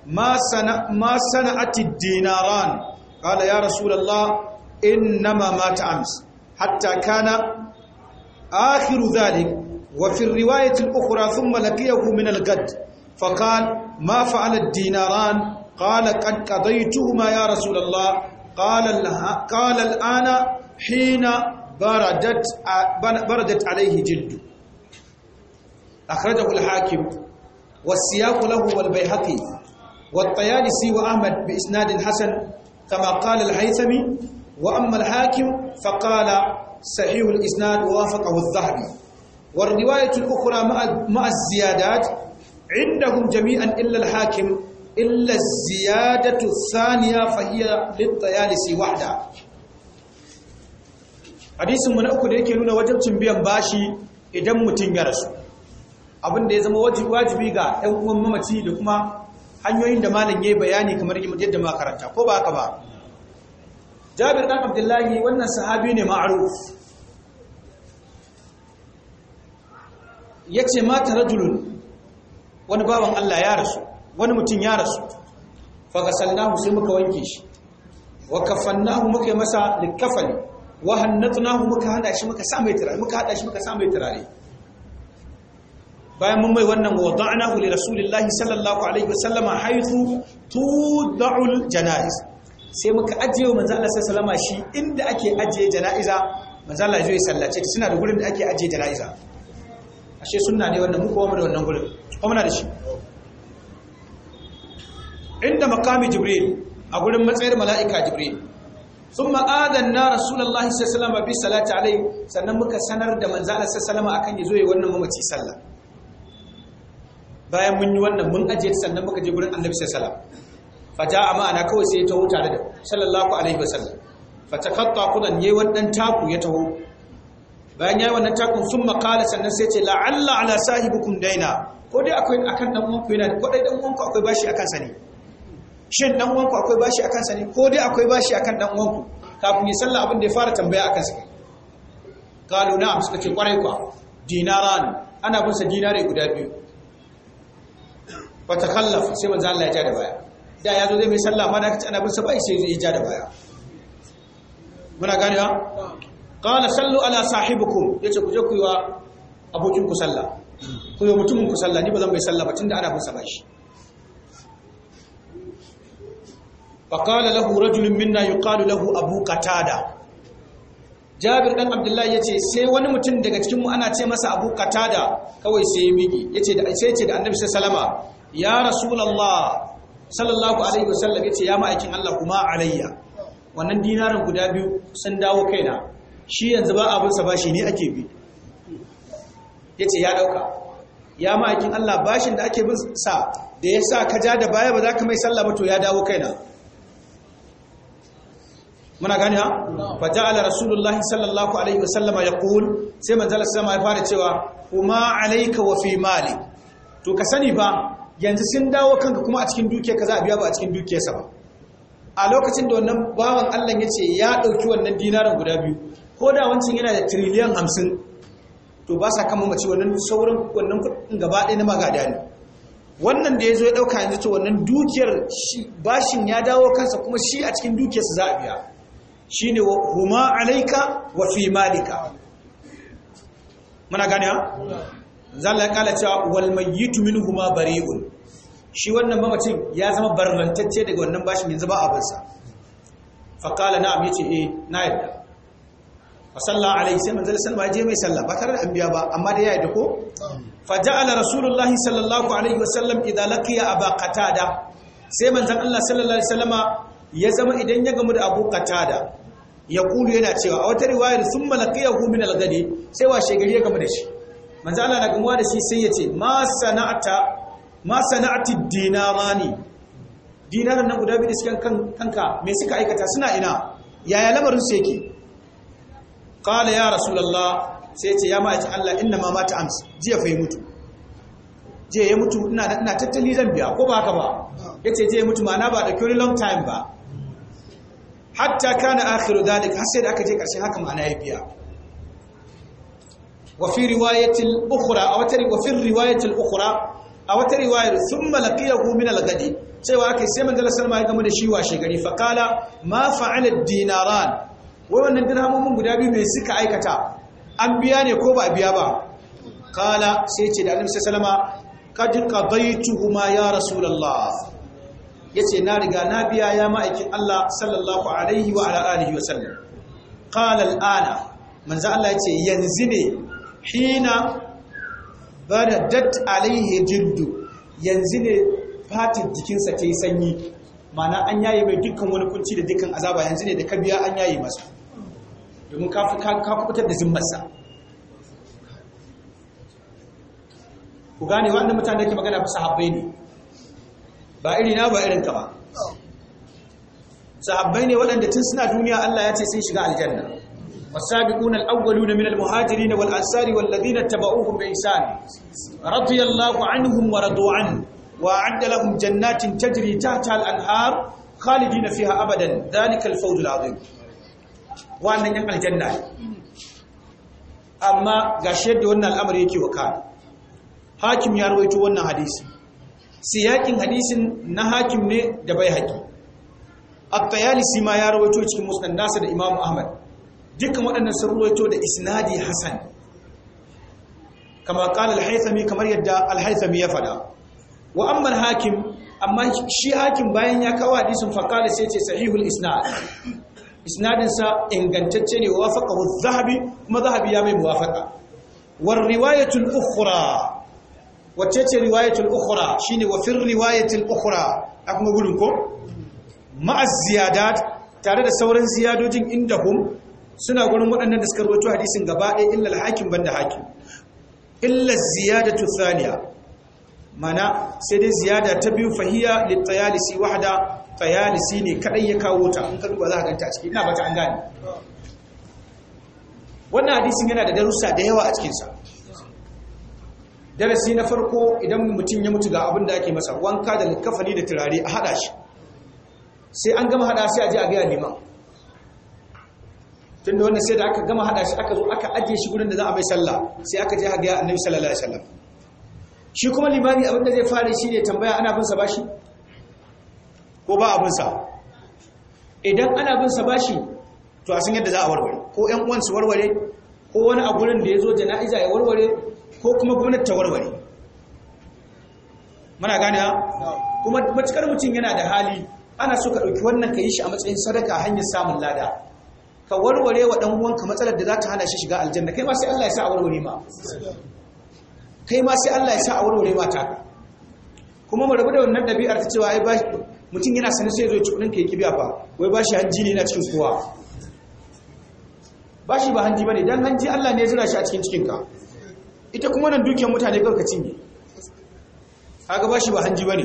ما صنع ما صنعت الديناران قال يا رسول الله انما مات امس حتى كان آخر ذلك وفي الرواية الأخرى ثم لقيه من القد فقال ما فعل الديناران قال قد قضيتهما يا رسول الله قال قال الآن حين بردت بردت عليه جلده akhrajahu al-hakim was-siyaq lahu wal-bayhaqi wat-tayalisi wa ahmad bi isnad hasan kama qala al wa amma al-hakim fa qala sahih al-isnad wafaqahu adh-dhahabi والروايه الاخرى مع مع الزيادات عندهم جميعا الا الحاكم إلا الزيادة الثانية فهي للطيالسي وحده hadisin mu na uku da yake nuna wajibcin biyan bashi idan mutum ya rasu abin da ya zama wajibi ga ɗan uwan mamaci da kuma hanyoyin da malam ya yi bayani kamar yadda ma karanta ko ba haka ba Jabir dan Abdullahi wannan sahabi ne ya yace mata rajulun wani bawan Allah ya rasu wani mutum ya rasu fagasal sai muka wanke shi wa kafannahu muka masa likafali wa hannatu muka muka hada shi muka turare bayan mun mai wannan wada'nahu li rasulillahi sallallahu alaihi wasallama haythu tud'ul janaiz sai muka ajiye manzo Allah sallallahu alaihi wasallama shi inda ake ajiye janaiza manzo Allah ya sallace suna da gurin da ake ajiye janaiza ashe sunna ne wanda mu kowa da wannan gurin kuma muna da shi inda maqami jibril a gurin matsayar mala'ika jibril sun ma'adan na rasulallah sassalama bi salati alai sannan muka sanar da manzana sassalama akan yi zoye wannan mamaci sallah bayan mun yi wannan mun ajiye ta sannan muka je gurin annabi sallallahu alaihi wasallam fata amma ana kawai sai ya taho tare da sallallahu alaihi wasallam fatakatta kunan yayi wannan taku ya taho bayan yayi wannan takun sun makala sannan sai ce la'alla ala sahibukum daina ko dai akwai akan dan uwanku yana ko dai dan uwanku akwai bashi akan sa ne shin dan uwanku akwai bashi akan sa ne ko dai akwai bashi akan dan uwanku kafin ya sallah abin da ya fara tambaya akan sa kalu na'am suka ce kwarai kwa dinaran ana bin sa dinare guda biyu fa takhallaf sai manzo Allah ya ja da baya da ya zo zai mai sallah amma da kace ana bin sa bai sai ya ja da baya muna gane ha qala sallu ala sahibikum yace ku je ku yi wa abokin ku sallah ku yi mutumin ku sallah ni ba zan mai sallah ba tunda ana bin sa bashi فقال له رجل منا lahu abu ابو قتاده Jabir dan Abdullahi yace sai wani mutum daga cikin mu ana ce masa Abu Qatada kawai sai ya miki yace da sai da Annabi sallallahu alaihi wasallama ya rasulullah sallallahu alaihi wasallam yace ya ma'aikin Allah kuma alayya wannan dinarin guda biyu sun dawo kaina shi yanzu ba abin sa bashi ne ake bi yace ya dauka ya ma'aikin Allah bashin da ake bin sa da yasa ka ja da baya ba za ka mai sallah ba to ya dawo kaina muna gani ha fa ja'ala rasulullah sallallahu alaihi wasallam yaqul sai manzala sallama ya fara cewa kuma alayka wa fi mali to ka sani ba yanzu sun dawo kanka kuma a cikin ka za a biya ba a cikin dukiyarsa ba a lokacin da wannan bawan Allah ya ce ya ɗauki wannan dinaran guda biyu ko da wancan yana da tiriliyan hamsin to ba sa kama mace wannan sauran wannan kuɗin gaba ɗaya na magada ne wannan da ya zo ya ɗauka yanzu to wannan dukiyar bashin ya dawo kansa kuma shi a cikin dukiyarsa za a biya shi ne huma alaika wa fi malika muna gane ha zalla ya kala cewa wal mayyitu minhuma bari'un shi wannan mamacin ya zama barrantacce daga wannan bashin yanzu ba abin sa fa kala na'am yace eh na yadda fa salla alaihi sai manzal sallama ya je mai sallah ba tare da an biya ba amma da ya yadda ko fa ja'ala rasulullahi sallallahu alaihi wasallam idza laqiya aba qatada sai manzan Allah sallallahu alaihi wasallama ya zama idan ya gamu da abu qatada ya kulu yana cewa a wata riwayar summa laqiyahu min al-ghadi sai washe gari ya gamu da shi manzo Allah na gamuwa da shi sai ya ce ma sana'ata ma sana'ati dinarani dinaran nan guda biyu suke kan kanka me suka aikata suna ina yaya lamarin su yake qala ya rasulullah sai ce ya ma'aikin Allah inna ma mata ams jiya fa mutu jiya ya mutu ina tattali zan biya ko ba haka ba yace jiya mutu ma na ba da kyori long time ba hatta kana akhiru dalik har sai da aka je karshen haka ma'ana ya biya wa fi riwayatil ukhra a wata wa fi riwayatil ukhra riwayar thumma laqiyahu min al-ghadi cewa kai sai manzo sallallahu alaihi wasallam ya gamu da shi washe gari fa qala ma fa'ala dinaran wai wannan dirhamomin guda biyu mai suka aikata an biya ne ko ba a biya ba qala sai ce da annabi sallallahu alaihi ya rasulullah yace na riga na biya ya ma'aikin Allah sallallahu alaihi wa ala alihi wa sallam qala al-ana manzo Allah yace yanzu ne hina Bada, dat alaihi Jiddu, yanzu ne fatin jikinsa ta yi sanyi mana an yaye mai dukkan wani kunci da dukkan azaba yanzu ne da ka biya an yaye masa domin ka fitar da zimmarsa ku gane wanda mutane ke magana fi sahabbai ne ba iri na ba irin ka ba sahabbai ne waɗanda tun suna duniya Allah ya ce sun shiga aljanna والسابقون الأولون من المهاجرين والأنصار والذين اتبعوهم بإحسان رضي الله عنهم ورضوا عنه وأعد لهم جنات تجري تحتها الأنهار خالدين فيها أبدا ذلك الفوز العظيم وأن ينقل الجنة amma gashi yadda wannan al'amari yake wakana hakim ya rawaito wannan hadisi siyakin hadisin na hakim ne da bai haƙi at-tayalisi ma ya rawaito cikin musnad nasa da imam ahmad dukkan waɗannan sun ruwaito da isnadi hasan kama qala al kamar yadda al ya fada wa amma hakim amma shi hakim bayan ya kawo hadisin fa qala sai ce sahihul isnad isnadin sa ingantacce ne wa wafaqahu az-zahabi kuma zahabi ya mai muwafaqa war riwayatul ukhra wacce ce riwayatul ukhra shine wa fir riwayatil ukhra kuma gudun ko ma'az ziyadat tare da sauran ziyadojin inda hum suna gurin waɗannan da suka rubutu hadisin gaba ɗaya illa al-hakim banda hakim illa ziyadatu thaniya mana sai dai ziyada ta biyu fahiya litayalisi wahda tayalisi ne kadai ya kawo ta in ka duba za ka ganta a ciki ina ta an gane wannan hadisin yana da darussa da yawa a cikin sa darasi na farko idan mutum ya mutu ga abin da ake masa wanka da likafani da turare a hada shi sai an gama hada sai a je a ga neman tunda wannan sai da aka gama hada shi aka zo aka ajiye shi gurin da za a mai sallah sai aka je aka ga annabi sallallahu alaihi wasallam shi kuma limami abin da zai fara shi ne tambaya ana bin sa bashi ko ba abin sa idan ana bin sa bashi to a san yadda za a warware ko ƴan uwan su warware ko wani a gurin da yazo jana'iza ya warware ko kuma gwamnati ta warware muna gane kuma matukar mutum yana da hali ana so ka dauki wannan ka yi shi a matsayin sadaka hanyar samun lada ka warware wa dan uwanka matsalar da za ta hana shi shiga aljanna kai ma sai Allah ya sa a warware ma kai ma sai Allah ya sa a warware ma ta kuma mu rabu da wannan dabi'ar ta cewa ai ba mutum yana sanin sai ya zo ya cikin kai kibiya fa wai ba shi hanji ne yana cikin kowa ba shi ba hanji bane dan hanji Allah ne ya zura shi a cikin cikin ka ita kuma nan dukiyar mutane kawai ka cinye kaga ba shi ba hanji bane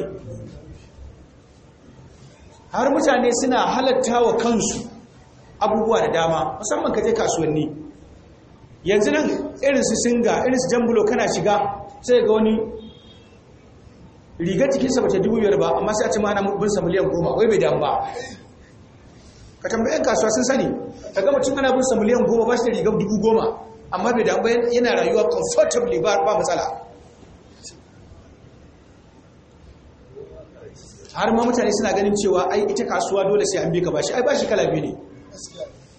har mutane suna halatta wa kansu abubuwa da dama musamman ka je kasuwanni yanzu nan irin su singa irin su jambulo kana shiga sai ga wani rigar jikinsa bata dubu biyar ba amma sai a ci ma ana binsa miliyan goma wai bai damu ba ka tambayi kasuwa sun sani ka gama tun ana binsa miliyan goma ba shi da rigar dubu goma amma bai damu yana rayuwa comfortably ba matsala har ma mutane suna ganin cewa ai ita kasuwa dole sai an bi ka bashi ai bashi kala biyu ne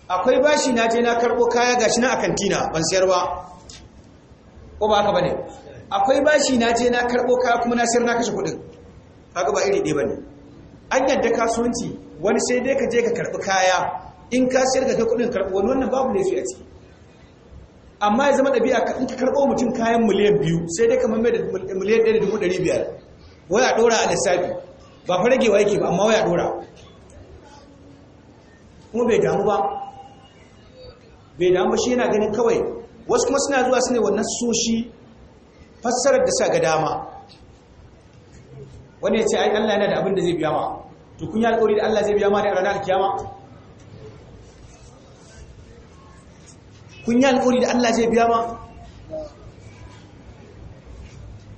akwai bashi na je na karɓo kaya gashi na a kantina ban sayar ba ko ba haka bane akwai bashi na je na karɓo kaya kuma na sayar na kashe kuɗin kaga ba iri ɗaya bane an yadda kasuwanci wani sai dai ka je ka karɓi kaya in ka sayar ka kudin kuɗin karɓo wani wannan babu laifi a ciki amma ya zama ɗabi'a in ka karɓo mutum kayan miliyan biyu sai dai kamar mamme da miliyan ɗaya da dubu ɗari biyar waya ɗora a lissafi ba fa ragewa yake ba amma waya ɗora kuma bai damu ba bai da ba shi yana ganin kawai wasu kuma suna zuwa su ne wannan soshi fassarar da sa ga dama wani ya ce ai Allah yana da abin da zai biya ma to kun yi alƙawari da Allah zai biya ma da ranar alkiyama kun yi alƙawari da Allah zai biya ma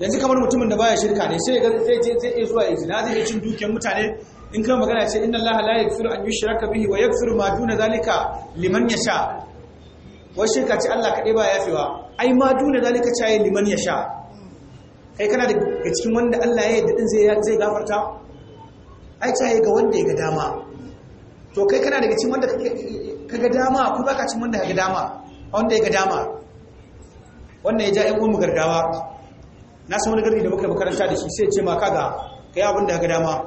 yanzu kamar mutumin da baya shirka ne sai zai je zai zuwa izina zai cin dukiyar mutane in kan magana ce inna Allah la yaghfiru an yushraka bihi wa yaghfiru ma duna zalika liman yasha wai ka ce Allah kaɗai ba ya fiwa ai ma duna ka caye liman ya sha kai kana da cikin wanda Allah ya yadda din zai gafarta ai caye ga wanda ya ga dama to kai kana daga cikin wanda ka ga dama ko ka cikin wanda ka ga dama wanda ya ga dama wannan ya ja ɗan uwan gargawa na san wani gari da muka makaranta da shi sai ce ma kaga kai abin da ga dama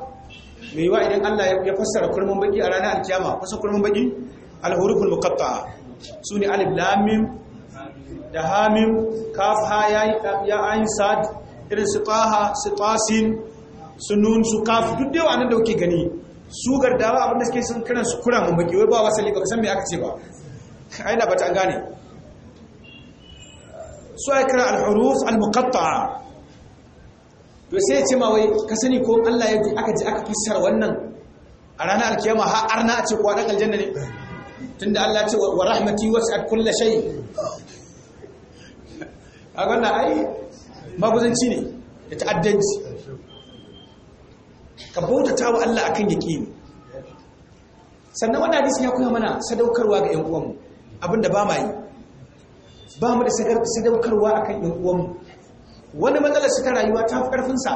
mai yiwa idan Allah ya fassara kurmin baki a ranar alkiyama kusa kurmin baki alhuruful muqatta'a su ne alif lamim da hamim kaf ha ya ayin sad irin su taha su tasin su nun su kaf duk da wannan da kuke gani su gardawa abinda suke sun kiran su kuran mamaki wai ba wasa liba san me aka ce ba ai na bata gane su ai kira al-huruf al-muqatta'a to sai ya ce ma wai ka sani ko Allah ya ji aka ji aka fassara wannan a ranar alkiyama har arna a ce ko dan aljanna ne tunda Allah ce wa rahmati wasu kulli shay a wannan ai maguzanci ne da ta'addanci ka bautata wa Allah akan yaqini sannan wannan hadisin ya koya mana sadaukarwa ga ƴan uwanmu abinda ba ma yi ba mu da sadaukarwa akan ƴan uwanmu wani matsalar su ta rayuwa ta fi karfin sa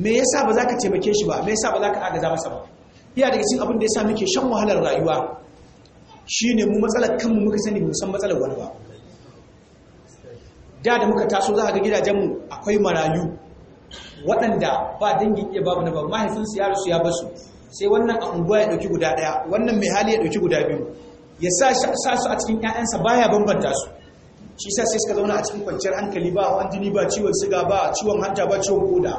me yasa ba za ka taimake shi ba me yasa ba za ka agaza masa ba iya daga cikin abin da yasa muke shan wahalar rayuwa Shi ne mu matsalar kanmu muka sani mu san matsalar wani ba da da muka taso za a ga gidajenmu akwai marayu waɗanda ba dangin iya babu na ba mahaifin ya su ya basu sai wannan a unguwa ya ɗauki guda ɗaya wannan mai hali ya ɗauki guda biyu ya sa su a cikin ƴaƴansa baya bambanta su shi sa sai suka zauna a cikin kwanciyar hankali ba hawan jini ba ciwon siga ba ciwon hanta ba ciwon koda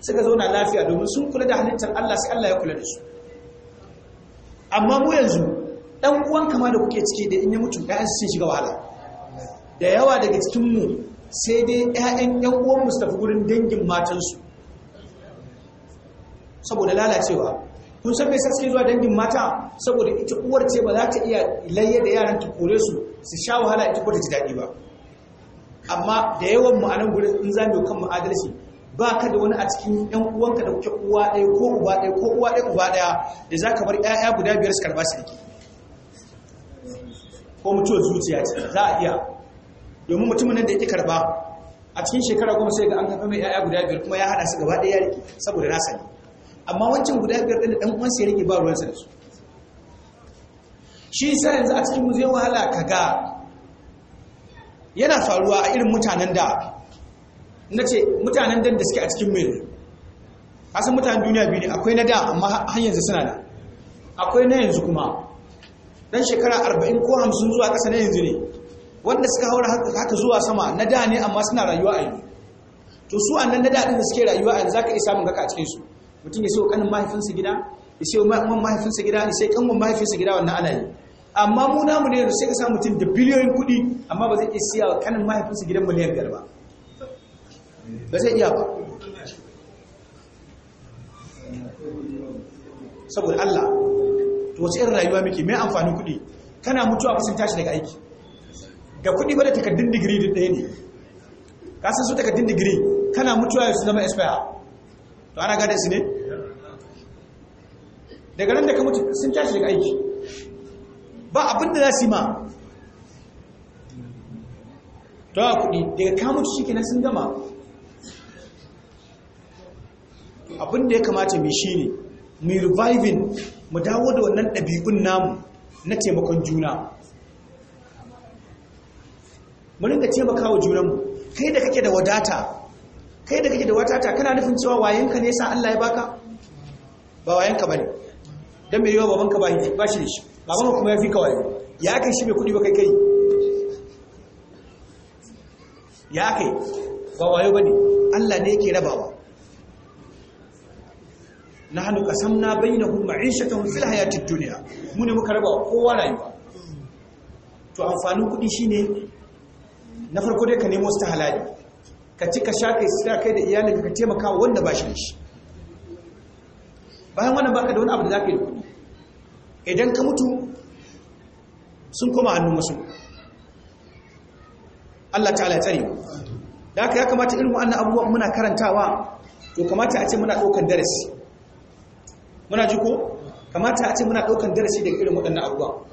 suka zauna lafiya domin sun kula da halittar Allah sai Allah ya kula da su amma mu yanzu Ɗan uwan kama da kuke ciki da in ya mutu ƴaƴan sun shiga wahala da yawa daga cikin mu sai dai ƴaƴan ɗan uwan mu tafi gurin dangin matansu saboda lalacewa kun san me yasa zuwa dangin mata saboda ita uwar ce ba za ta iya layya da yaran ta kore su su sha wahala ita kwata ta ji daɗi ba amma da yawan mu a in za mu kan mu adalci ba ka da wani a cikin yan uwanka da kuke uwa ɗaya ko uba ɗaya ko uwa ɗaya uba ɗaya da za ka bar 'ya'ya guda biyar su karɓa su ko mutuwar zuciya ce za a iya domin mutumin nan da yake karba a cikin shekara goma sai ga an kafa mai yaya guda biyar kuma ya hada su gaba ɗaya ya rike saboda nasa ne amma wancan guda biyar ɗin da ɗan uwansa ya rike ba ruwansa da su shi sa yanzu a cikin muzeyin wahala ka ga yana faruwa a irin mutanen da na ce mutanen da suke a cikin mai kasan mutanen duniya biyu ne akwai na da amma har yanzu suna da akwai na yanzu kuma dan shekara 40 ko 50 zuwa ƙasa na yanzu ne wanda suka haura haka zuwa sama na da ne amma suna rayuwa a yanzu to su annan na daɗin da suke rayuwa a yanzu za ka iya samun gaka a cikinsu mutum ya sayo kanin mahaifinsa gida ya sayo mun mahaifinsa gida ya sai kanin mahaifinsa gida wannan ana yi amma mu mu ne sai ka samu mutum da biliyoyin kuɗi amma ba zai iya siya wa kanin mahaifinsa gidan miliyan biyar ba ba zai iya ba saboda Allah to wace irin rayuwa muke mai amfani, kuɗi kana mutuwa ba sun tashi daga aiki ga kuɗi ba da takardun digiri duk ɗaya ne ka san su takardun digiri kana mutuwa ya su zama expire to ana gadon su ne daga nan da ka mutu sun tashi daga aiki ba abin da za su yi ma to a kuɗi daga ka mutu shi kenan sun gama abin da ya kamata mai shi ne mai reviving mu dawo da wannan ɗabi'un namu na taimakon juna mu rinka taimakawa junanmu kai da kake da wadata kai da kake da wadata kana nufin cewa wayanka ne sa Allah ya baka ba wayanka bane dan me yiwa babanka ba ba shi shi babanka kuma ya fi ka ya kai shi mai kudi ba kai kai ya kai ba wayo bane Allah ne yake rabawa nahnu qasamna bainahum ma'ishatahum fil hayatid dunya mu ne muka raba kowa rayuwa to amfanin kudi shine na farko dai ka nemo su ta halali ka ci ka sha kai sa kai da iyalinka ka taimaka wanda ba shi da shi bayan wannan baka da wani abu da zaka yi da kudi idan ka mutu sun koma hannun wasu Allah ta'ala ya tsare da haka ya kamata irin wannan abubuwan muna karantawa to kamata a ce muna ɗaukar darasi muna ji ko kamata a ce muna ɗaukan darasi daga irin waɗannan abubuwa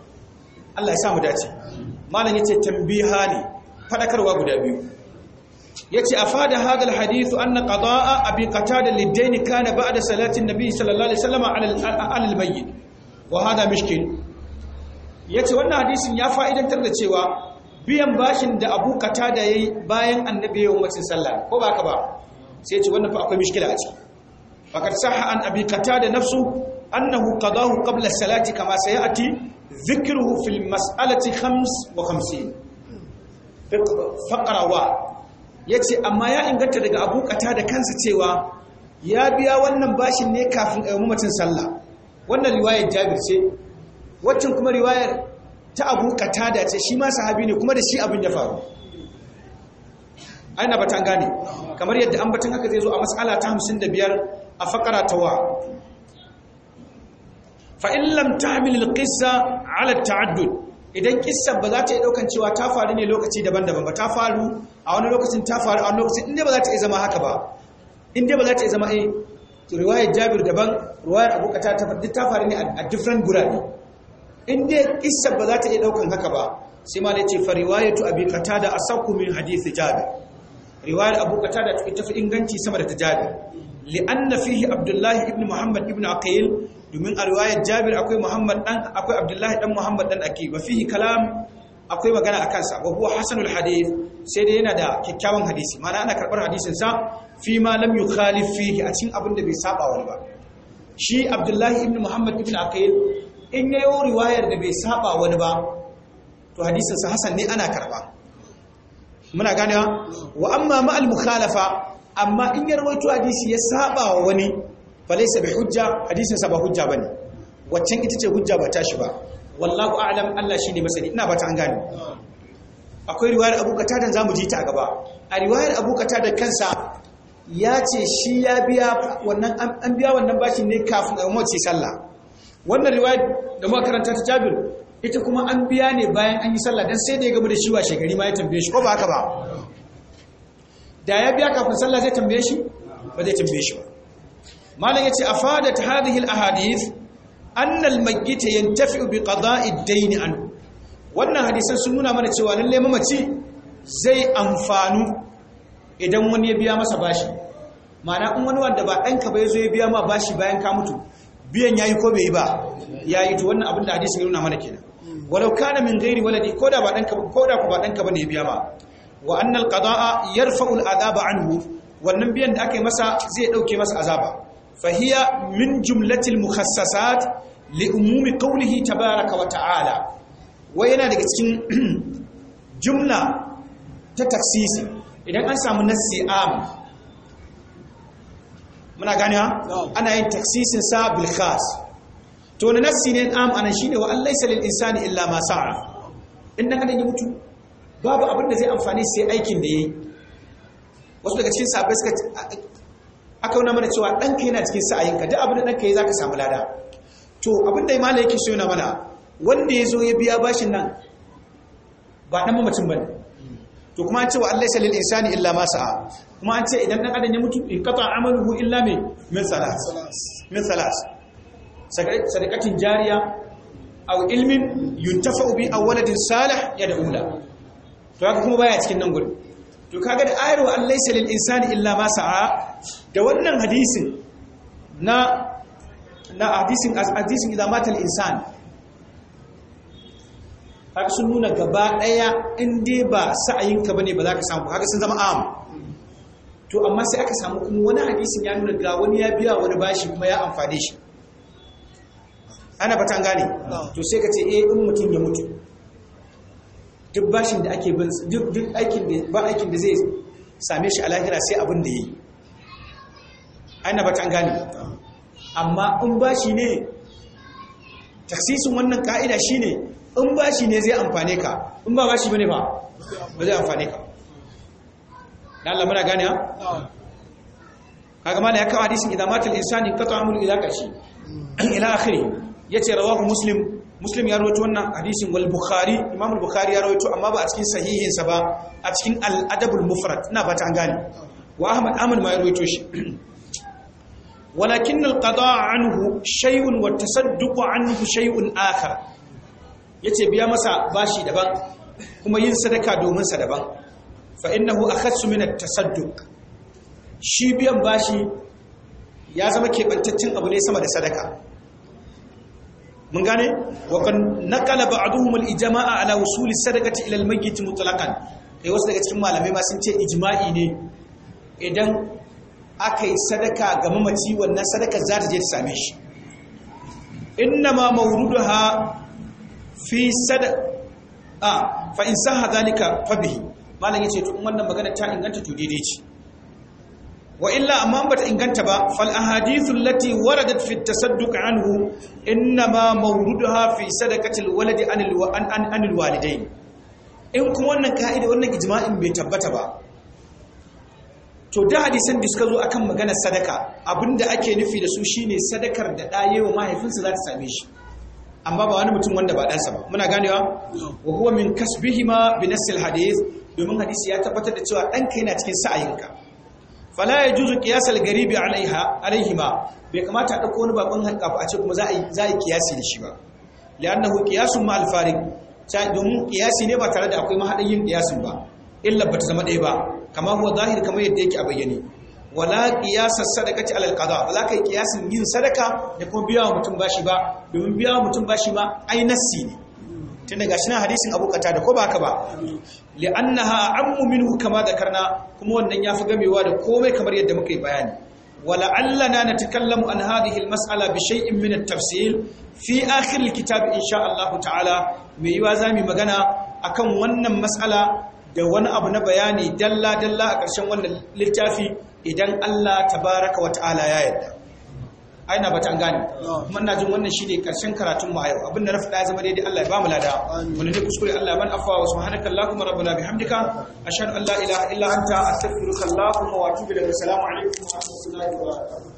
Allah ya sa mu dace malam yace tambiha ne fadakarwa guda biyu yace afada hadal hadithu anna qada'a abi qatada lidayn kana ba'da salati an-nabi sallallahu alaihi wasallam ala al-mayyit wa hada mishkin yace wannan hadisin ya fa'idantar da cewa biyan bashin da abu qatada yayi bayan annabi yayin wacin sallah ko ba ka ba sai yace wannan fa akwai mishkila a ciki فقد صح عن ابي قتاده نفسه annahu قضاه قبل salati كما سياتي ذكره في المساله 55 faqra wa yace amma ya inganta daga abu da kansa cewa ya biya wannan bashin ne kafin a yi sallah wannan riwayar jabir ce waccan kuma riwayar ta abu qatada ce shi ma sahabi ne kuma da shi abin da faru aina batan gane kamar yadda an batun haka zai zo a mas'ala ta 55 a fakara ta wa fa'in lam ta hamilin ƙisa ala ta'addud idan kissa ba za ta yi ɗaukan cewa ta faru ne lokaci daban-daban ba ta faru a wani lokacin ta faru a wani lokacin inda ba za ta yi zama haka ba inda ba za ta yi zama eh riwayar jabir daban riwayar abokata ta faru ta faru ne a different gurare inda kissa ba za ta yi ɗaukan haka ba sai ma da ce fa riwayatu abi da asaqu min hadith jabir riwayar abu da ta fi inganci sama da ta jabir li'anna fihi abdullahi ibn muhammad ibn aqil domin a riwayar jabir akwai muhammad dan akwai abdullahi dan muhammad dan aqil ba fihi kalam akwai magana akan sa wa huwa hasanul hadith sai dai yana da kyakkyawan hadisi mana ana karbar hadisin sa fi ma lam yukhalif fihi a cikin abin da bai saba wani ba shi abdullahi ibn muhammad ibn aqil in yayo riwayar da bai saba wani ba to hadisin sa hasan ne ana karba muna gane wa amma ma al amma in ya rawaito hadisi ya saba wa wani falaisa bai hujja hadisin sa ba hujja bane waccan ita ce hujja ba tashi ba wallahu a'lam Allah shine masani ina ba ta an gane akwai riwayar Abu Qatada zamu ji ta gaba a riwayar Abu Qatada kansa ya ce shi ya biya wannan an biya wannan bashi ne kafin a motsi sallah wannan riwayar da muka karanta ta Jabir ita kuma an biya ne bayan an yi sallah dan sai da ya gaba da shi wa shekari ma ya tambaye shi ko ba haka ba da ya biya kafin sallah zai tambaye shi ba zai tambaye shi ba malam yace afadat hadhihi alahadith anna almayyit yantafi bi qada'i ad-dayn an wannan hadisan sun nuna mana cewa lalle mamaci zai amfanu idan wani ya biya masa bashi ma'ana in wani wanda ba ɗanka ba yazo ya biya ma bashi bayan ka mutu biyan yayi ko bai yi ba yayi to wannan abin da hadisi ya nuna mana kenan walau kana min ghairi waladi koda ba danka koda ku ba danka bane ya biya ba wa annal qada'a yarfa'u al'adaba anhu wannan biyan da aka yi masa zai dauke masa azaba fahiya min jumlatil mukhassasat li umumi qawlihi tabaaraka wa ta'ala wai yana daga cikin jumla ta taksisi idan an samu nassi am muna gane ana yin taksisin sa bil khas to na nassi ne am anan shine wa allaysa lil insani illa ma sa'a in dan adam yi mutu babu abin da zai amfani sai aikin da yi. wasu daga cikin sahabbai suka aka nuna mana cewa ɗanka yana cikin sa'ayinka duk abin da ɗanka yi za ka samu lada to abin da imala yake so yana mana wanda ya zo ya biya bashin nan ba ɗan mamacin ba to kuma an ce wa Allah salil insani illa ma sa'a kuma an ce idan ɗan adam ya mutu in qata amaluhu illa me min salas min salas sadaqatin jariya au ilmin yuntafa'u bi aw waladin salih yad'ula to haka kuma baya cikin nan gurin to kaga da ayar wa Allah laysa lil insani illa ma sa'a da wannan hadisin na na hadisin hadisin idan mata al insan haka sun nuna gaba daya in dai ba sa'ayin ka bane ba za ka samu haka sun zama am to amma sai aka samu kuma wani hadisin ya nuna ga wani ya biya wani bashi kuma ya amfane shi ana fatan gane to sai ka ce eh in mutum ya mutu duk bashin da ake bin duk aikin da ba aikin da zai same shi a lahira sai abin da ya yi. ana ba tan gane amma in bashi ne taksisin wannan ka'ida shi ne, in bashi ne zai amfane ka in ba bashi ne ba ba zai amfane ka dan Allah muna gane ha kaga mana ya kawo hadisin idamatul insani qata'amul ila kashi ila akhirih yace rawahu muslim muslim ya rawaito wannan hadisin wal bukhari imam al bukhari ya rawaito amma ba a cikin sahihin sa ba a cikin al adabul mufrad ina ba ta an gane wa ahmad amal ma ya rawaito shi walakin al qada anhu shay'un wa tasadduq anhu shay'un akhar yace biya masa bashi daban kuma yin sadaka domin sa daban fa innahu akhassu min at tasadduq shi biyan bashi ya zama keɓantaccen abu ne sama da sadaka mun gane wa kan naqala al-ijma'a ala wusul sadaqati ila al-mayyit mutlaqan eh wasu daga cikin malamai ma sun ce ijma'i ne idan aka yi sadaka ga mamaci wannan sadaka za ta je ta same shi innama mawruduha fi sada a fa in saha zalika fa bihi yace to wannan magana ta inganta to daidai ce wa illa amma bata inganta ba fal lati allati waradat fi tasadduq anhu inma mawruduha fi sadaqati alwaladi anil an anil walidain in kuma wannan kaida wannan ijma'in bai tabbata ba to da hadisan da suka zo akan maganar sadaka abinda ake nufi da su shine sadakar da dayewa mahaifinsa za ta same shi amma ba wani mutum wanda ba dansa ba muna ganewa wa huwa min kasbihima bi nassil domin hadisi ya tabbatar da cewa ɗanka yana cikin sa'ayinka fala ya juzu kiyasar garibi alaiha ma bai kamata a ɗauko wani bakon haƙa a ce kuma za a yi kiyasi da shi ba li'annahu kiyasun ma al domin kiyasi ne ba tare da akwai mahadin yin kiyasin ba illa bata zama ɗaya ba kama huwa zahir kamar yadda yake a bayyane wala qiyasa sadaqati alal za wala kai kiyasin yin sadaka da kuma biya mutum bashi ba domin biya mutum bashi ma ai nassi ne tun daga shi na hadisin abokata da ko ba ka ba li'annaha ammu minhu kama dhakarna kuma wannan yafi gamewa da komai kamar yadda muka yi bayani wala allana natakallamu an hadhihi almas'ala bi shay'in min at-tafsil fi akhir alkitab insha Allah ta'ala mai yiwa zamu magana akan wannan mas'ala da wani abu na bayani dalla dalla a ƙarshen wannan littafi idan Allah tabaraka wa ta'ala ya yarda aina ba ta an gane kuma ina jin wannan ne karshen karatun mu a yau abinda na faɗa zama daidai Allah ya ba mu lada Wani ne kuskure Allah ya ban afwa wa subhanaka allahumma rabbana bihamdika ashhadu an la ilaha illa anta astaghfiruka allahumma wa atubu ilaik assalamu alaikum wa rahmatullahi wa barakatuh